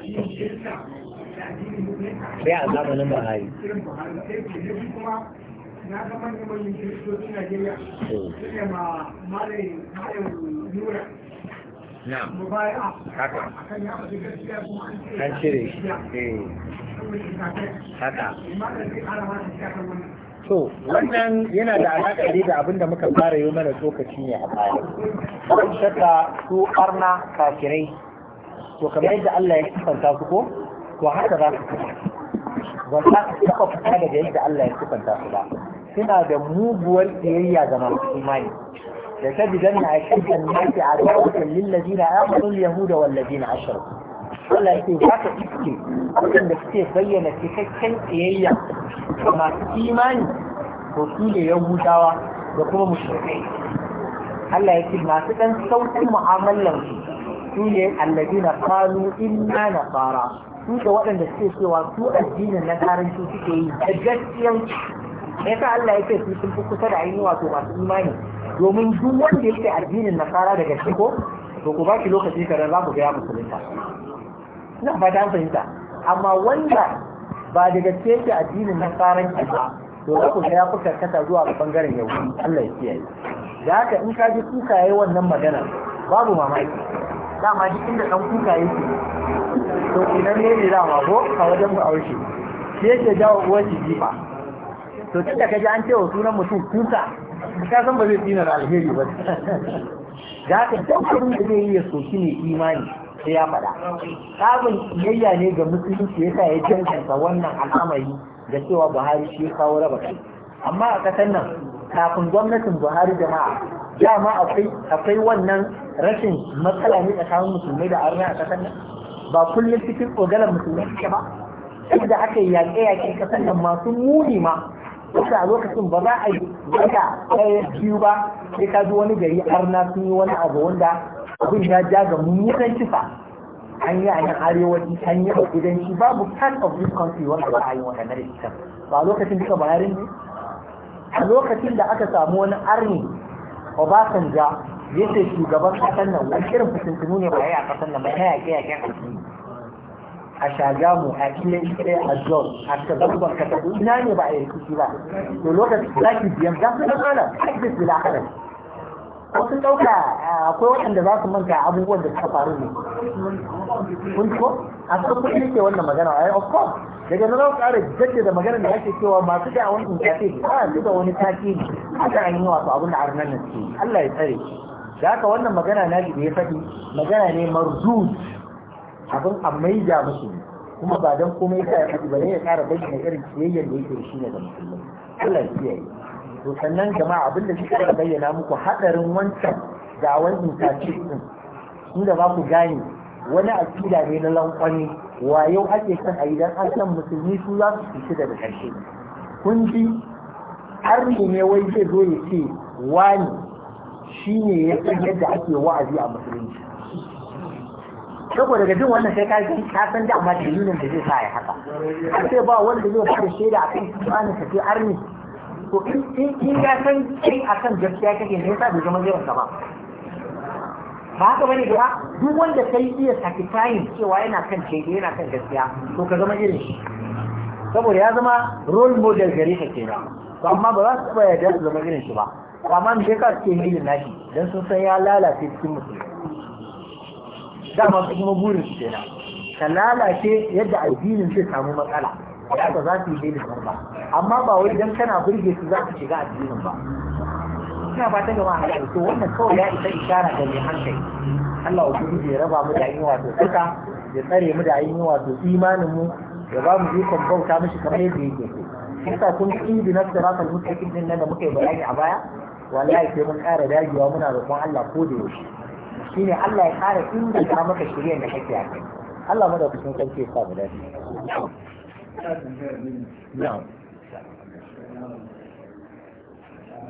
abin da sai a zamanin buhari na an cire eh. haka to wannan yana da alaƙa ne da abin da muka fara yi mana tsokaci ne a baya don shakka su arna kafirai to kamar yadda Allah ya kusanta su ko to haka za su kuma. ba za su taɓa fita daga yadda Allah ya sifanta su ba suna da muguwar tsayayya ga masu imani da ta bidan na kan nasi a dawatan lillazina amalul yahuda wallazina ashraku Allah yake ba ka iske waɗanda suke bayyana cikakken tsayayya ga masu imani to su ne yahudawa da kuma mushrikai Allah yake masu ɗan sauƙin mu'amalansu su ne allazina qalu inna fara. su da waɗanda suke cewa su addinin na karanci suke yi da gaskiyan ya sa Allah ya ce su sun fi kusa da ainihi wato masu imani domin duk wanda yake addinin nasara daga gaske ko to ku ba shi lokaci kadan za ku ga ya musulunta ina ba ta fahimta amma wanda ba da gaske yake addinin ki ba to za ku ga ya kusa kasa zuwa ga bangaren yau Allah ya kiyaye da haka in ka ji kuka yayi wannan magana babu mamaki dama duk inda dan kuka yake to inan ne ne dama ko a wajen mu aure shi yake jawo uwar shi jifa to tun da kaji an ce wa sunan mutum kusa ka san ba zai tsina da alheri ba da haka dukkan da zai yi ya soki ne imani sai ya faɗa sabon iyayya ne ga musulunci ya sa ya jankanta wannan al'amari da cewa buhari shi kawo raba kai amma a ƙasar nan kafin gwamnatin buhari jama'a dama akwai wannan rashin matsala ne tsakanin musulmai da arna a ƙasar nan ba kullum cikin tsogalar musulmai suke ba da aka yi yaƙe-yaƙe kasan nan masu muni ma wata a lokacin ba za a yi wata ɗaya biyu ba sai ka ji wani gari arna sun yi wani abu wanda abin ya ja ga mummunan kisa an yi a nan arewaci an yi a kudanci babu part of this country wanda ba a yi waɗannan rikitan ba a lokacin duka bayarin ne a lokacin da aka samu wani arni ja. yace shugaban kasar nan wani irin fitintunu ne ba ya a kasar nan ba ya yaƙe yaƙen addini a shagamu a kile a jos a kazaruban kasar ina ne ba a yi shi ba to lokaci za ki biyan za su ɗan ana haɗe su la'anar wasu ɗauka akwai waɗanda za su manta abubuwan da suka faru ne kun ko a kan kuɗi ke wannan magana ai of course daga nan za ƙara jaddada magana da ake cewa masu da wani in kafe ba su da wani ne a kan an yi wasu abin da arnan nan ce Allah ya tsare da haka wannan magana na da ya faɗi magana ne marzuz abin amai da musu kuma ba don komai ya ya faɗi ya ne ya ƙara irin ciyayyar da yake shi ne da musulmai Allah ya kiyaye to sannan jama'a abin da suka bayyana muku haɗarin wancan da wannan tace din inda ba ku gane wani akida ne na lankwani wayo ake son a idan an san musulmi su za su fice daga ƙarshe kun ji har ne wai zai zo ya ce wani shi ne ya san yadda ake wa'azi a musulunci saboda ga gajin wannan sai kaji ka san da amma dalilin da zai sa ya haka sai ba wanda zai fara shaida a kan kimanin sa sai arni to in ya san kai a kan gaskiya kake ne yasa bai zama zai ba ba haka bane ba duk wanda kai iya sakifayin cewa yana kan daidai yana kan gaskiya to ka zama irin shi saboda ya zama role model gare ka kenan to amma ba za su taba yarda zama irin shi ba amma mu shekara cikin milin nashi don sun san ya lalace cikin musulmi dama su kuma burin su kenan ka lalace yadda addinin zai samu matsala Ya ka za su yi daidai ba amma ba wai don kana burge su za su shiga addinin ba ina ba ta gama halal to wannan kawai ya isa ishara da mai hankali Allah ya gudu ya raba mu da yin wato suka ya tsare mu da yin wato imanin mu ya ba mu ikon bauta mishi kamar yadda yake ko yasa kun kidi na ta mustaqim din nan da muka yi bayani a baya wallahi sai mun ƙara dagewa muna roƙon Allah ko da yaushe shine Allah ya ƙara inganta maka shirya da kake a kai Allah mu da kusan sarki sa mu dace na'am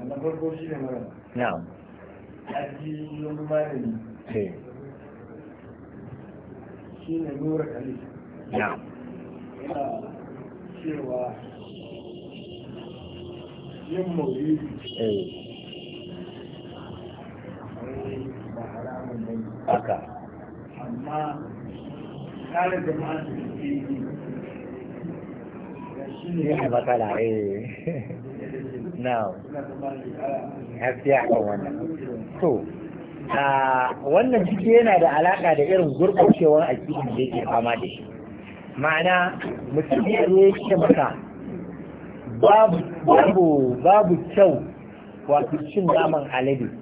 na shi ne shi ne nura kali yana cewa yin maulidi eh. haka wannan to ciki yana da alaka da irin gurɓacewar aƙidin da yake fama da shi ma'ana mutum ya zo yake maka babu kyau wato cin naman alade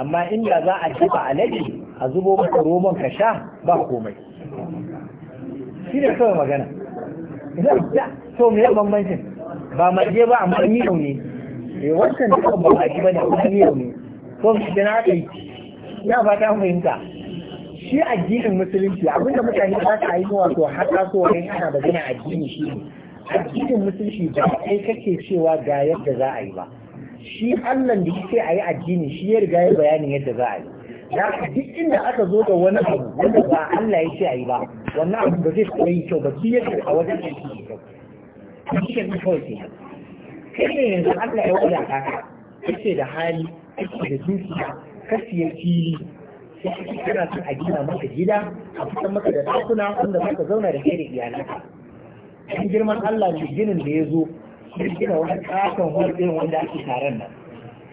amma inda za a kifa alaji a zubo maka roman ka sha ba komai shi ne kawai magana so mai ya bambancin ba maje ba amma yau ne eh wancan da kan ba maje ba ne amma yau ne so mai da na kai ya ba ta fahimta shi addinin musulunci abinda mutane ba ta yi wato har tasowa ne ana gina addini shi ne addinin musulunci ba kai kake cewa ga yadda za a yi ba shi Allah da yake a yi addini shi ya riga ya bayanin yadda za a yi da duk inda aka zo da wani abu wanda ba Allah ya ce a yi ba wannan abu ba zai tsaye yi kyau ba shi ya a wajen da shi kyau shi ke kawai ke kai ne yanzu Allah ya wada ka kace da hali kace da dukiya kace ya fili sai ake kira sun a gina maka gida a fitan maka da ɗakuna wanda maka zauna da kai da iyalanka. Yan girman Allah ne ginin da ya zo da gina wani katon hulɗin wanda ake taron nan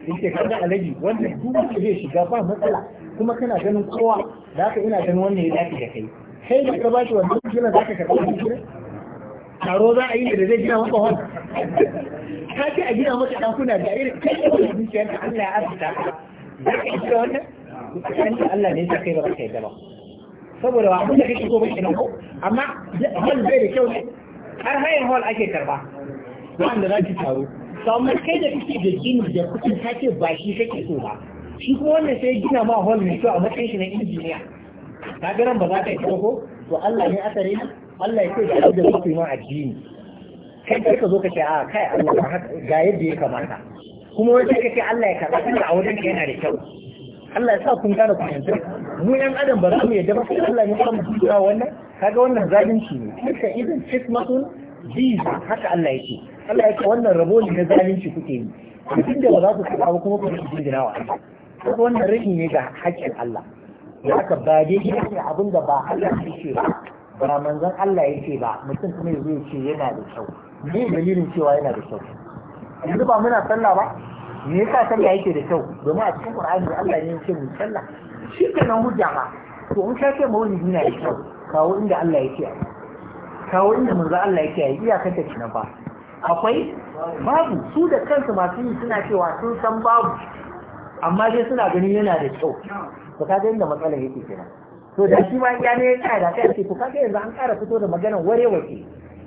yake kaga alaji wanda duk wanda zai shiga ba matsala kuma kana ganin kowa za ka ina ganin wannan ya dace da kai kai da ka bashi wannan gina za ka karɓi wani gina taro za a yi da zai gina maka hon ka ce a gina maka ɗakuna da irin kai da wani zuciyar da Allah ya arzuta ka za ka yi gina wannan kan da Allah ne ya kai ba ka yadda ba saboda ba abin da kake so ba kenan ko amma hon bai da kyau ne har hayan hol ake karba wanda za ki taru kamar kai da kake da gini da kuɗin take ba shi kake so ba shi kuma wannan sai gina ma hall ne To a matsayin shi na injiniya ka ga ran ba za ka yi ko to Allah ne asare Allah ya ce da da ku ma addini kai kai ka zo ka ce a ah, kai Allah ga yadda ya kamata kuma wani sai ka ce Allah ya karɓa tunda a wajen ka yana da kyau Allah ya sa kun gane ku yanzu mu yan adam ba za mu yadda ba sai Allah ya sa mu wannan kaga wannan zalunci ne kai idan fitmatun biza haka Allah ya ce Allah ya ce wannan rabo ne na zalunci kuke yi mutum da ba za ku karɓa ba kuma ku ji jina wa Allah ko wannan rashin ne ga haƙƙin Allah da aka ba dai shi ne abin da ba Allah ya ce ba ba manzon Allah ya ce ba mutum kuma ya zo ce yana da kyau me dalilin cewa yana da kyau yanzu ba muna sallah ba me yasa sallah yake da kyau domin a cikin Qur'ani Allah ne ya ce mu sallah shi kenan hujja ma to in ka ce maulidi na da kyau kawo inda Allah ya ce kawo inda manzon Allah ya ce iyakar ta na ba akwai babu su da kansu masu yi suna cewa sun san babu amma dai suna ganin yana da kyau to kaga inda matsalar yake kira to da shi ma ya ne ya da kai to ga yanzu an ƙara fito da maganar warewa ce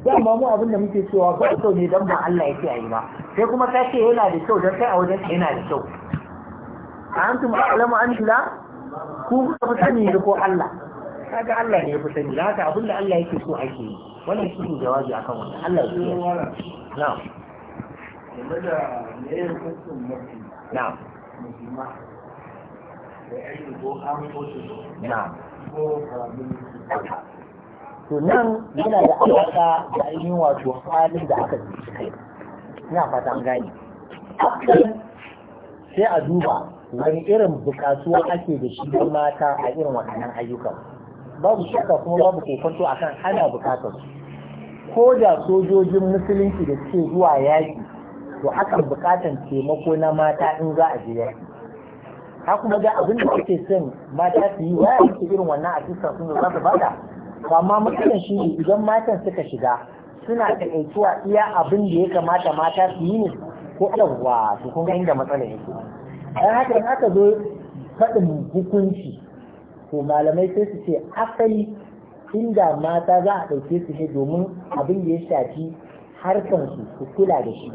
dama mu abin da muke cewa ba kyau ne don ba Allah ya ce a yi ba sai kuma ka ce yana da kyau dan kai a wajen yana da kyau a antum a'lamu an bila ku ba fi sani da ko Allah kaga Allah ne ya fi sani da haka abin da Allah yake so ake yi wannan shi ne jawabi akan wannan Allah ya ce na'am game da mayar hukun mafi na'am musulma da aiki ko an ko su na'am ko karamin to nan yana da alaƙa da ainihin wato halin da aka tsinci kai ina fata an gane sai a duba wani irin bukatuwa ake da shi don mata a irin waɗannan ayyukan babu shakka kuma babu kokonto akan ana bukatar su ko da sojojin musulunci da ke zuwa yaƙi to akan buƙatan taimako na mata in za a je yaƙi ka kuma ga abin da kake son mata su yi ya suke irin wannan a cikin sun za su bada amma matsalar shi ne idan matan suka shiga suna aikuwa iya abin da ya kamata mata su yi ne ko yawa su kun inda matsala yake dan haka in aka zo faɗin hukunci to malamai sai su ce asali inda mata za a ɗauke su ne domin abin da ya shafi harkansu su kula da shi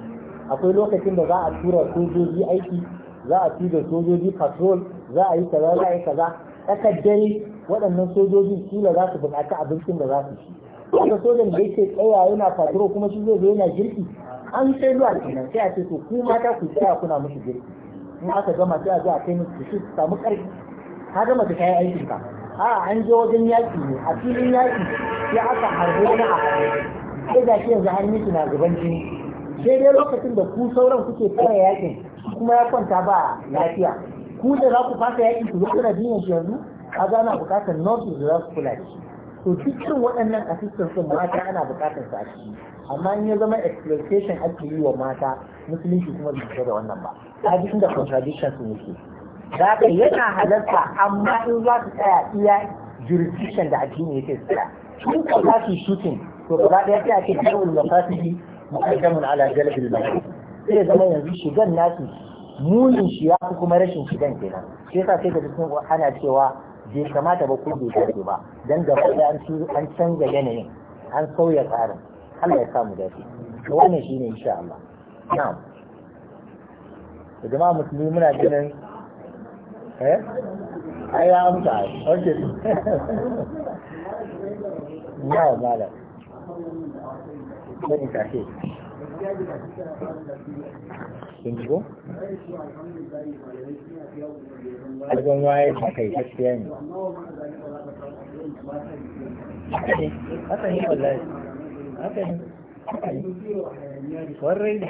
akwai lokacin da za a tura sojoji aiki za a tura sojoji patrol za a yi kaza za a yi kaza tsakar dare waɗannan sojoji kila za su buƙaci abincin da za su ci wanda sojan da yake tsaya yana patrol kuma shi zai zo yana girki an sai zuwa kenan sai a ce to ku mata ku tsaya kuna musu girki in aka gama sai a zo a kai musu su samu ƙarfi ka gama da kayan aikin ka a an je wajen yaƙi ne a filin yaƙi sai aka harbi wani a sai ga shi yanzu hannun shi na gaban jini sai dai lokacin da ku sauran kuke tsara yakin kuma ya kwanta ba lafiya ku da za ku fasa yakin ku zo kuna jinyar shi yanzu a gana bukatar nurses da za su kula da shi to cikin waɗannan assistance ɗin mata ana buƙatar sa ciki amma in ya zama exploitation ake yi wa mata musulunci kuma bai da wannan ba a jikin da contradiction sun yake da yi yana halarta amma in za su tsaya iya jurisdiction da addini yake tsaya sun ka za su shooting to gaba ɗaya jawon da ce jarul mafasihi muqaddamun ala jalbil mafasihi sai ya zama yanzu shigan nasu munin shi ya fi kuma rashin shigan kenan shi yasa sai ka ji sun ana cewa bai kamata ba ko bai dace ba dan da ɗaya an canza yanayin an sauya tsarin Allah ya samu dace to wannan shine insha Allah na'am jama'a musulmi muna ganin eh ai ya amsa okay ya mala ka kin kai ne wallahi ne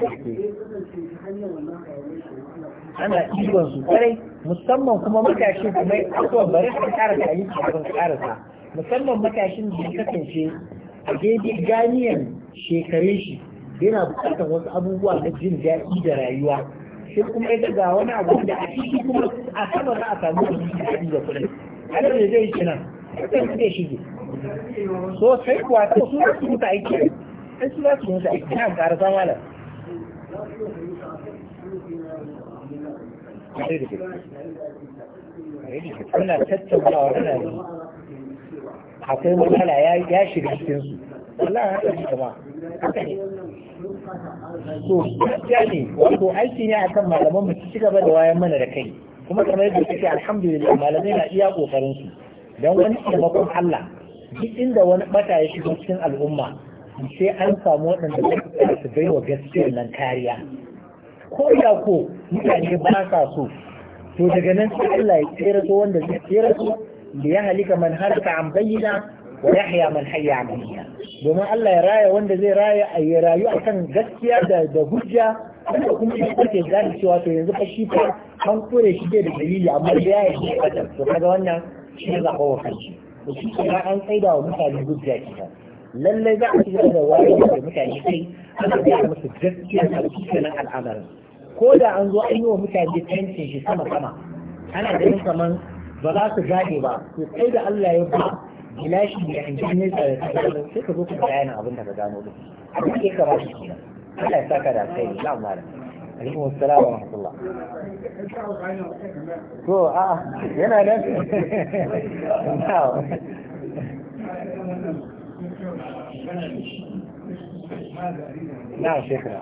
ana ɗiban su kwarai musamman kuma matashi kuma abubuwan bari ka ƙara ka yi kafin ƙarasa musamman matashin da ya kasance a daidai ganiyar shekarun shi yana bukatar wasu abubuwa na jin daɗi da rayuwa sai kuma ya ga wani abu da a ciki kuma a sama za a samu daɗi da kuɗi halar da zai nan. sai zai shige so sai kuwa ta su da su mutu aiki sai su za su mutu aiki na ƙarasa malam sai da gaske suna tattaunawa suna yi akwai matsala ya shiga cikin su wallahi haka ne kama haka ne so gaskiya ne wato aiki ne akan malaman mu ci da wayan mana da kai kuma kamar yadda kake alhamdulillah malamai na iya kokarin su dan wani makon Allah duk inda wani bata ya shiga cikin al'umma sai an samu waɗanda su bai wa nan kariya ko da ko mutane ba sa so to daga nan sai Allah ya tsere to wanda zai tsere su, da ya halika man harka an bayyana wa yahya man hayya an bayyana domin Allah ya raya wanda zai raya a ya rayu akan gaskiya da da hujja wanda kuma shi kake gani cewa to yanzu fa shi fa an kore shi da dalili amma da ya yi fata to kaga wannan shi ne zaka wa kanshi to shi kuma an tsaida wa mutane hujja kenan lallai za a ci da wayar da mutane kai ana ga musu gaskiya a cikin al'amarin ko da an zo an yi wa mutane tantin shi sama sama ana ganin kaman ba za su gane ba to sai da Allah ya ba gilashi da injiniyar da ta gano sai ka zo ku bayana abin da ka gano din abin da ka ba shi Allah ya saka da alkhairi na'am malam alaikum assalam wa rahmatullah to a yana nan na'am na'am shekara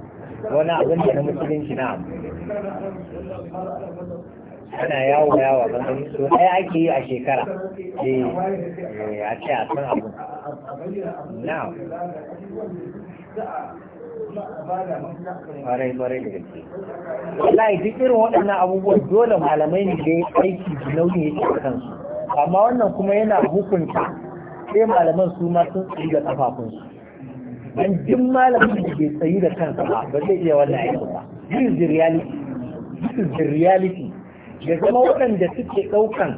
wani abin da na musulunci na abu ana yawo yawa ban gani so ɗaya ake yi a shekara eh, eh a ce a san abu na Barai barai da gaske. Wallahi duk irin waɗannan abubuwan dole malamai ne da ya aiki da nauyin yake a kansu. Amma wannan kuma yana hukunta sai malaman su ma sun tsiri da kafafunsu. an jin malamin da ke tsayi da kansa ba ba zai iya wannan aiki ba this is the reality this is the reality ya zama waɗanda suke ɗaukan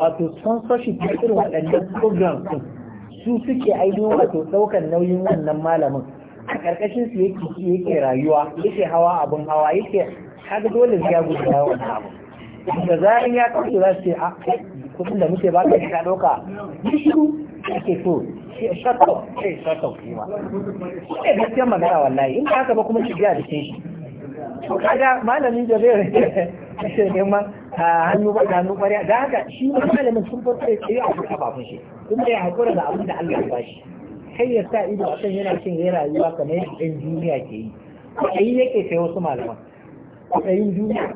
wato sponsorship da irin waɗannan program ɗin su suke ainihin wato ɗaukan nauyin wannan malamin a ƙarƙashin su yake yake rayuwa yake hawa abun hawa yake kaga dole ya gudu da wannan abu da zarin ya kawo za su ce a ah, kuɗin da muke ba ka ɗauka ake so shakau sai shakau shi ma sai gaskiyar magana wallahi in haka ba kuma shiga da shi to kaga malamin da zai rage neman hannu ba hannu kwariya da haka shi ne malamin sun farko ya tsaye a kuka bafin shi kuma ya haƙura da abin da Allah ya bashi kai ya sa ido a kan yana cin ya rayuwa kamar yadda ɗan duniya ke yi kwaɗayi yake sai wasu malaman kwaɗayin duniya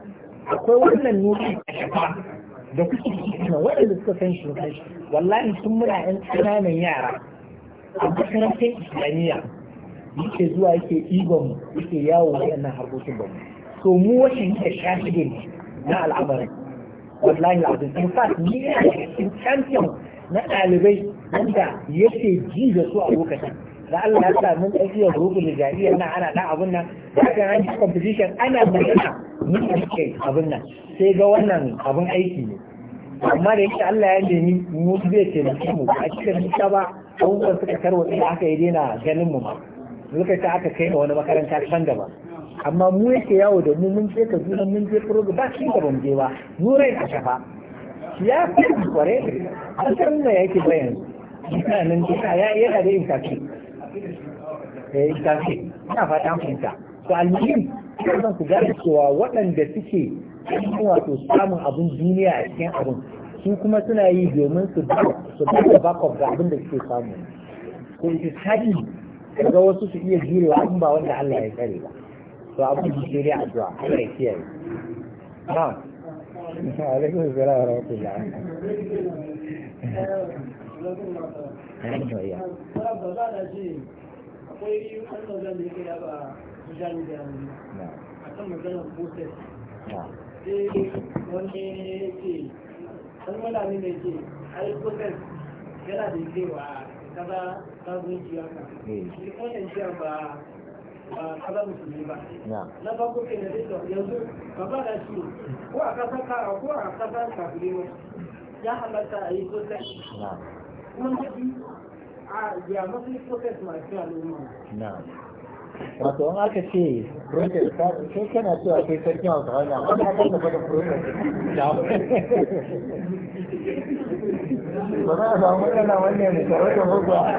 akwai wannan nuni a shafa da kuke cikin waɗanda suka san shi kai wallahi sun muna yan ƙananan yara a makarantar islamiyya yake zuwa yake igon yake yawo waɗannan harkokin ba so mu wasu yake shafi na al'amarin wallahi al'adun in fact ni ne a cikin champion na ɗalibai wanda yake ji da su a lokacin da Allah ya sa mun tsakiyar da jariya na ana dan abin nan da aka ranci competition ana magana mun ake abin nan sai ga wannan abin aiki ne amma da yake Allah ya nemi mu zai taimake mu a cikin ta ba abubuwan suka tarwatsa aka yi daina ganin mu ma suka ta aka kai wani makaranta kan gaba amma mu yake yawo da mu mun je ka juna mun je furogu ba shi da ban je ba mu rai a shafa ya fi kware an san me yake bayan mutanen duka ya yana da intafi eh intafi ina fata mun ta to almuhim zan ku gane cewa waɗanda suke wato samun abin duniya a cikin abin su kuma suna yi domin su ba su ba da backup ga abin da suke samu ko ita taɗi daga wasu su iya jurewa in ba wanda Allah ya tsare ba to abin da ke a addu'a Allah ya kiyaye na alaikum salam wa rahmatullah akwai wanda zan da yake yaba a kan maganar process wani ya ce wani malami ne ce ai yana da kaza ta zuciya ka shi wannan cewa ba kaza musulmi ba na farko ke da yanzu ba ba da shi ko a kasar kara ko a ya halatta a yi kusan kuma na a ya masu kusan masu al'umma wato in aka ce protest sai kana cewa kai sarki hausa wani amma na kan da gwada protest da ba za a samu matsala wannan ne tare da mugwa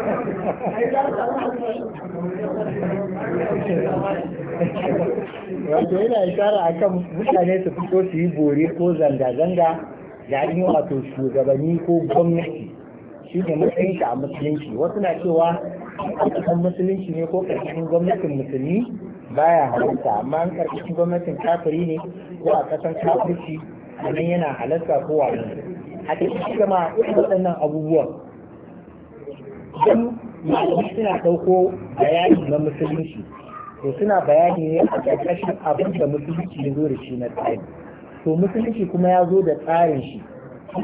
wato yana ishara akan mutane su fito su yi bore ko zanga-zanga da yi wato shugabanni ko gwamnati shi ne matsayin a musulunci wasu na cewa kan musulunci ne ko karkashin gwamnatin musulmi baya halarta amma an karkashin gwamnatin kafiri ne ko a kasan kafirci domin yana halarta ko wani a cikin gama irin waɗannan abubuwan don malamai suna ɗauko bayani na musulunci to suna bayani ne a ƙarƙashin abin da musulunci ya zo da shi na tsari to musulunci kuma ya zo da tsarin shi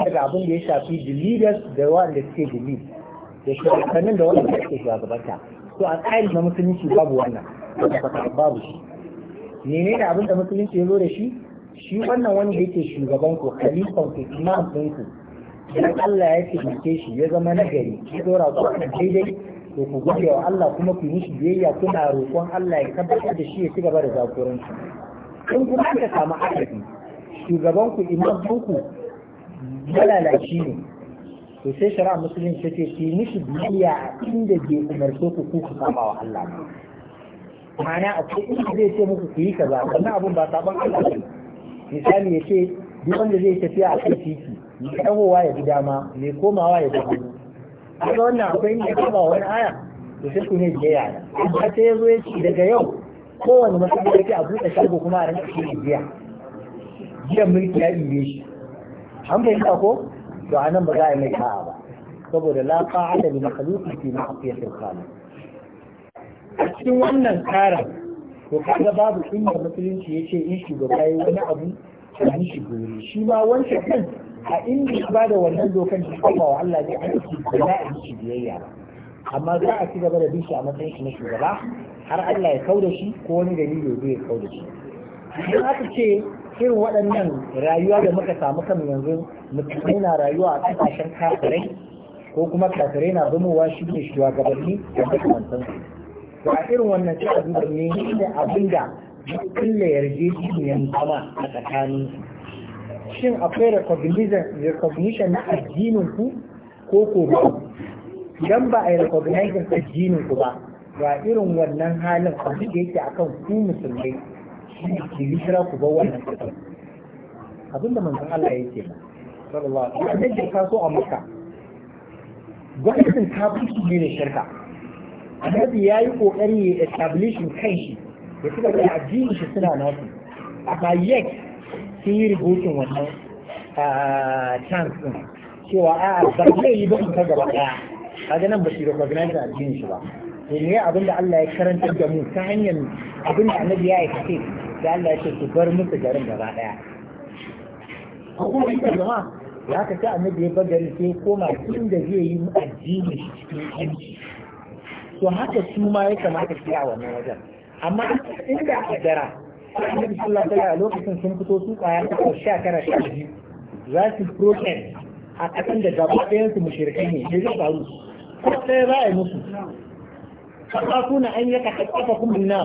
daga abin da ya shafi the leaders da waɗanda suke the da shugabannin da shi suke shugabanta to a tsari na musulunci babu wannan babu shi menene abin da musulunci ya zo da shi shi wannan wanda yake shugaban ku khalifan ku imam din ku dan Allah ya taimake shi ya zama nagari ya dora ku daidai to ku gode wa Allah kuma ku yi mishi biyayya kuna roƙon Allah ya tabbatar da shi ya ci gaba da jagoranci in kuma aka samu akadi shugaban ku imam din ku lalace ne to sai shari'a musulunci ce ki mishi biyayya a inda ke umarce ku ku ku kama wa Allah ne ma'ana akwai inda zai ce muku ku yi kaza wannan abun ba sabon Allah ne misali ya ce duk wanda zai tafiya a kai titi mai tsawowa ya bi dama mai komawa ya bi hannu kaga wannan akwai inda ya ba wani aya to sai ku ne biyayya na amma sai ya zo ya ce daga yau kowane masallaci a buɗe shago kuma a rinka shi biya biyan mulki ya ɗibe shi an fahimta ko to a nan ba za a yi mai ta'a ba saboda la ta'ata li makhluqi fi ma'siyatil khaliq a cikin wannan karan to kaga babu inda musulunci ce in shugaba yayi wani abu da shi gori shi ma wancan kan a inda ya da wannan dokan shi kuma wa Allah ne ci da a yi biyayya amma za a ci gaba da bin shi a matsayin shi na shugaba har Allah ya kau da shi ko wani dalili ya zo ya da shi idan aka ce irin waɗannan rayuwa da muka samu kan yanzu mutane na rayuwa a ƙasashen kafirai ko kuma kafirai na zamowa shi ne shugabanni da makamantan to a irin wannan sai abubuwan ne shi ne abin da kulle yarjejeniyar zama a tsakanin shin akwai recognition na addinin ku ko ko ba idan ba a yi recognition addinin ku ba ga irin wannan halin abin da yake akan ku musulmai ku yi shira ku bar wannan kasar abin da manzon Allah yake ma sallallahu alaihi wasallam da kaso a makka gwamnatin ta fushi ne shirka annabi yayi kokari ya kan shi, ya tuka da addini shi suna nasu amma yet sun yi rubutun wannan chance din cewa a ba zai yi ba ta gaba daya kaga nan ba shi recognize addinin shi ba ne abin da Allah ya karanta da mu ta hanyar abin da annabi ya aikace da Allah ya ce su bar musu garin gaba daya hukumar ita jama'a da haka sai annabi ya bar gari sai koma inda zai yi addini cikin yanci to haka su ma ya kamata su a wannan wajen amma inda a dara annabi sallallahu alaihi wasallam a lokacin sun fito su kaya ta sha tara sha biyu za su protest a kasan da gaba ɗayan su mushrikai ne da zai faru ko sai za a yi musu kafafuna an yaka kafafa kuma na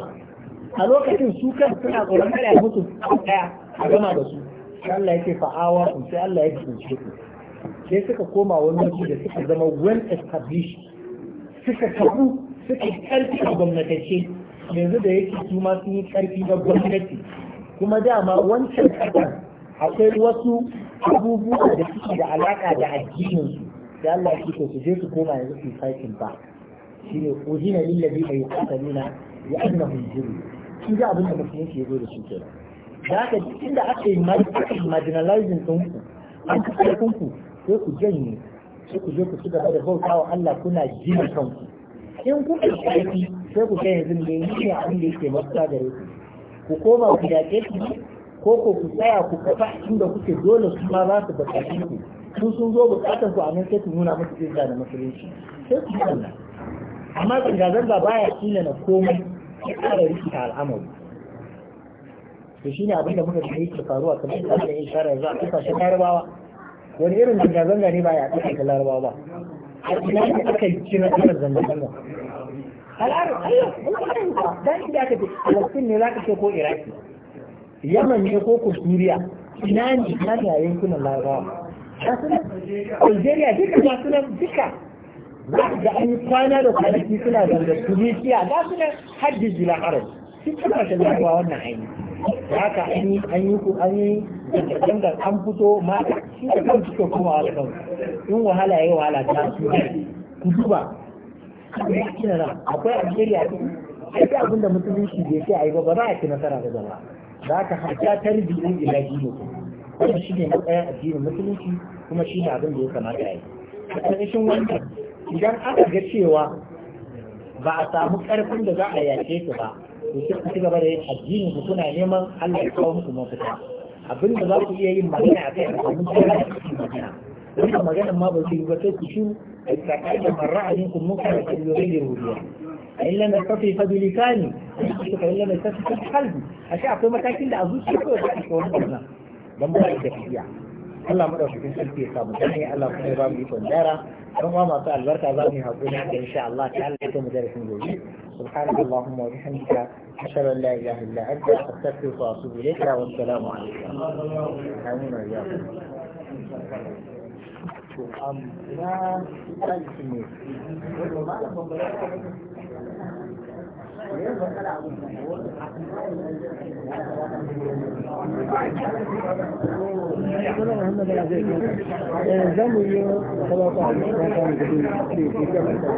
a lokacin su kan suna tsoron kada ya mutu daya a gama da su sai Allah yake fa'awa kun sai Allah ya kince ku sai suka koma wani waje da suka zama well established suka kafu suka karfi a gwamnatace yanzu da yake su ma sun yi karfi na gwamnati kuma dama wancan kasan akwai wasu abubuwa da suke da alaka da addininsu Sai Allah ya kike su je su koma yanzu su fighting back shine uzina lil mai yuqataluna ya annahu zulm sun ga abin da musulunci ya zo da shi ke da haka ji inda aka yi marginalizing ɗinku an kasar ɗinku sai ku janye sai ku je ku ci gaba da bauta wa Allah kuna jini kanku in kuka ƙarfi sai ku kai yanzu ne ne abin da yake mafita da ku ku koma ku dace shi, ko ko ku tsaya ku kafa inda kuke dole su ma za su buƙaci ku sun sun zo buƙatar ku a nan sai ku nuna musu jinta da musulunci sai ku yi Allah amma zanga-zanga baya kila na komai ya ƙara rikita al'amari to shine abin da muka ga yake faruwa kamar da ake ishara za a kasashen larabawa wani irin zanga-zanga ne ba ya ɗauke da larabawa ba a ina ne aka yi cin irin zanga-zanga al'adar ayyau dan da aka ce Palestine ne za ka ce ko Iraki Yaman ne ko ko Suriya ina ne ina ne a yankunan larabawa Algeria duka ga sunan duka da an yi kwana da kwanaki suna da tunisiya ga su nan hajji jila arab sun kuma da da wannan hanyar da haka an yi an yi ku an yi da an fito ma shi da kan suke kuma a kan in wahala ya yi wahala ta su ku duba akwai algeria ai da abin da musulunci bai ce ayi ba ba za a ci nasara da gaba da haka hajja tarbiyyar ilahi ne kuma shi ne matsayin addinin musulunci kuma shi ne abin da ya kamata a yi a ƙarshen wannan idan aka ga cewa ba a samu ƙarfin da za a yace su ba to sai ku ci gaba da yin addini ku kuna neman Allah ya kawo muku mafita abin da za ku iya yin magana a kai a samu cikin magana wannan magana ma ba su yi ba sai ku shi a tsakanin da ra'ayin ku mun kana cikin yorin da rubiya a illa na kafi fa bilikani su ka illa na kafi fa kalbi a shi akwai matakin da a zuciya kawai za a kawo muku nan dan ba da tafiya Allah madaukakin sarki ya samu gane Allah kuma ba mu ikon gyara don ba masu albarka za mu yi hakuri da insha Allah ta Allah ta mu darasin gobe subhanaka allahumma wa bihamdika ashhadu an la ilaha illa anta astaghfiruka wa atubu ilayka wa assalamu alaikum zamu yi talata a cikin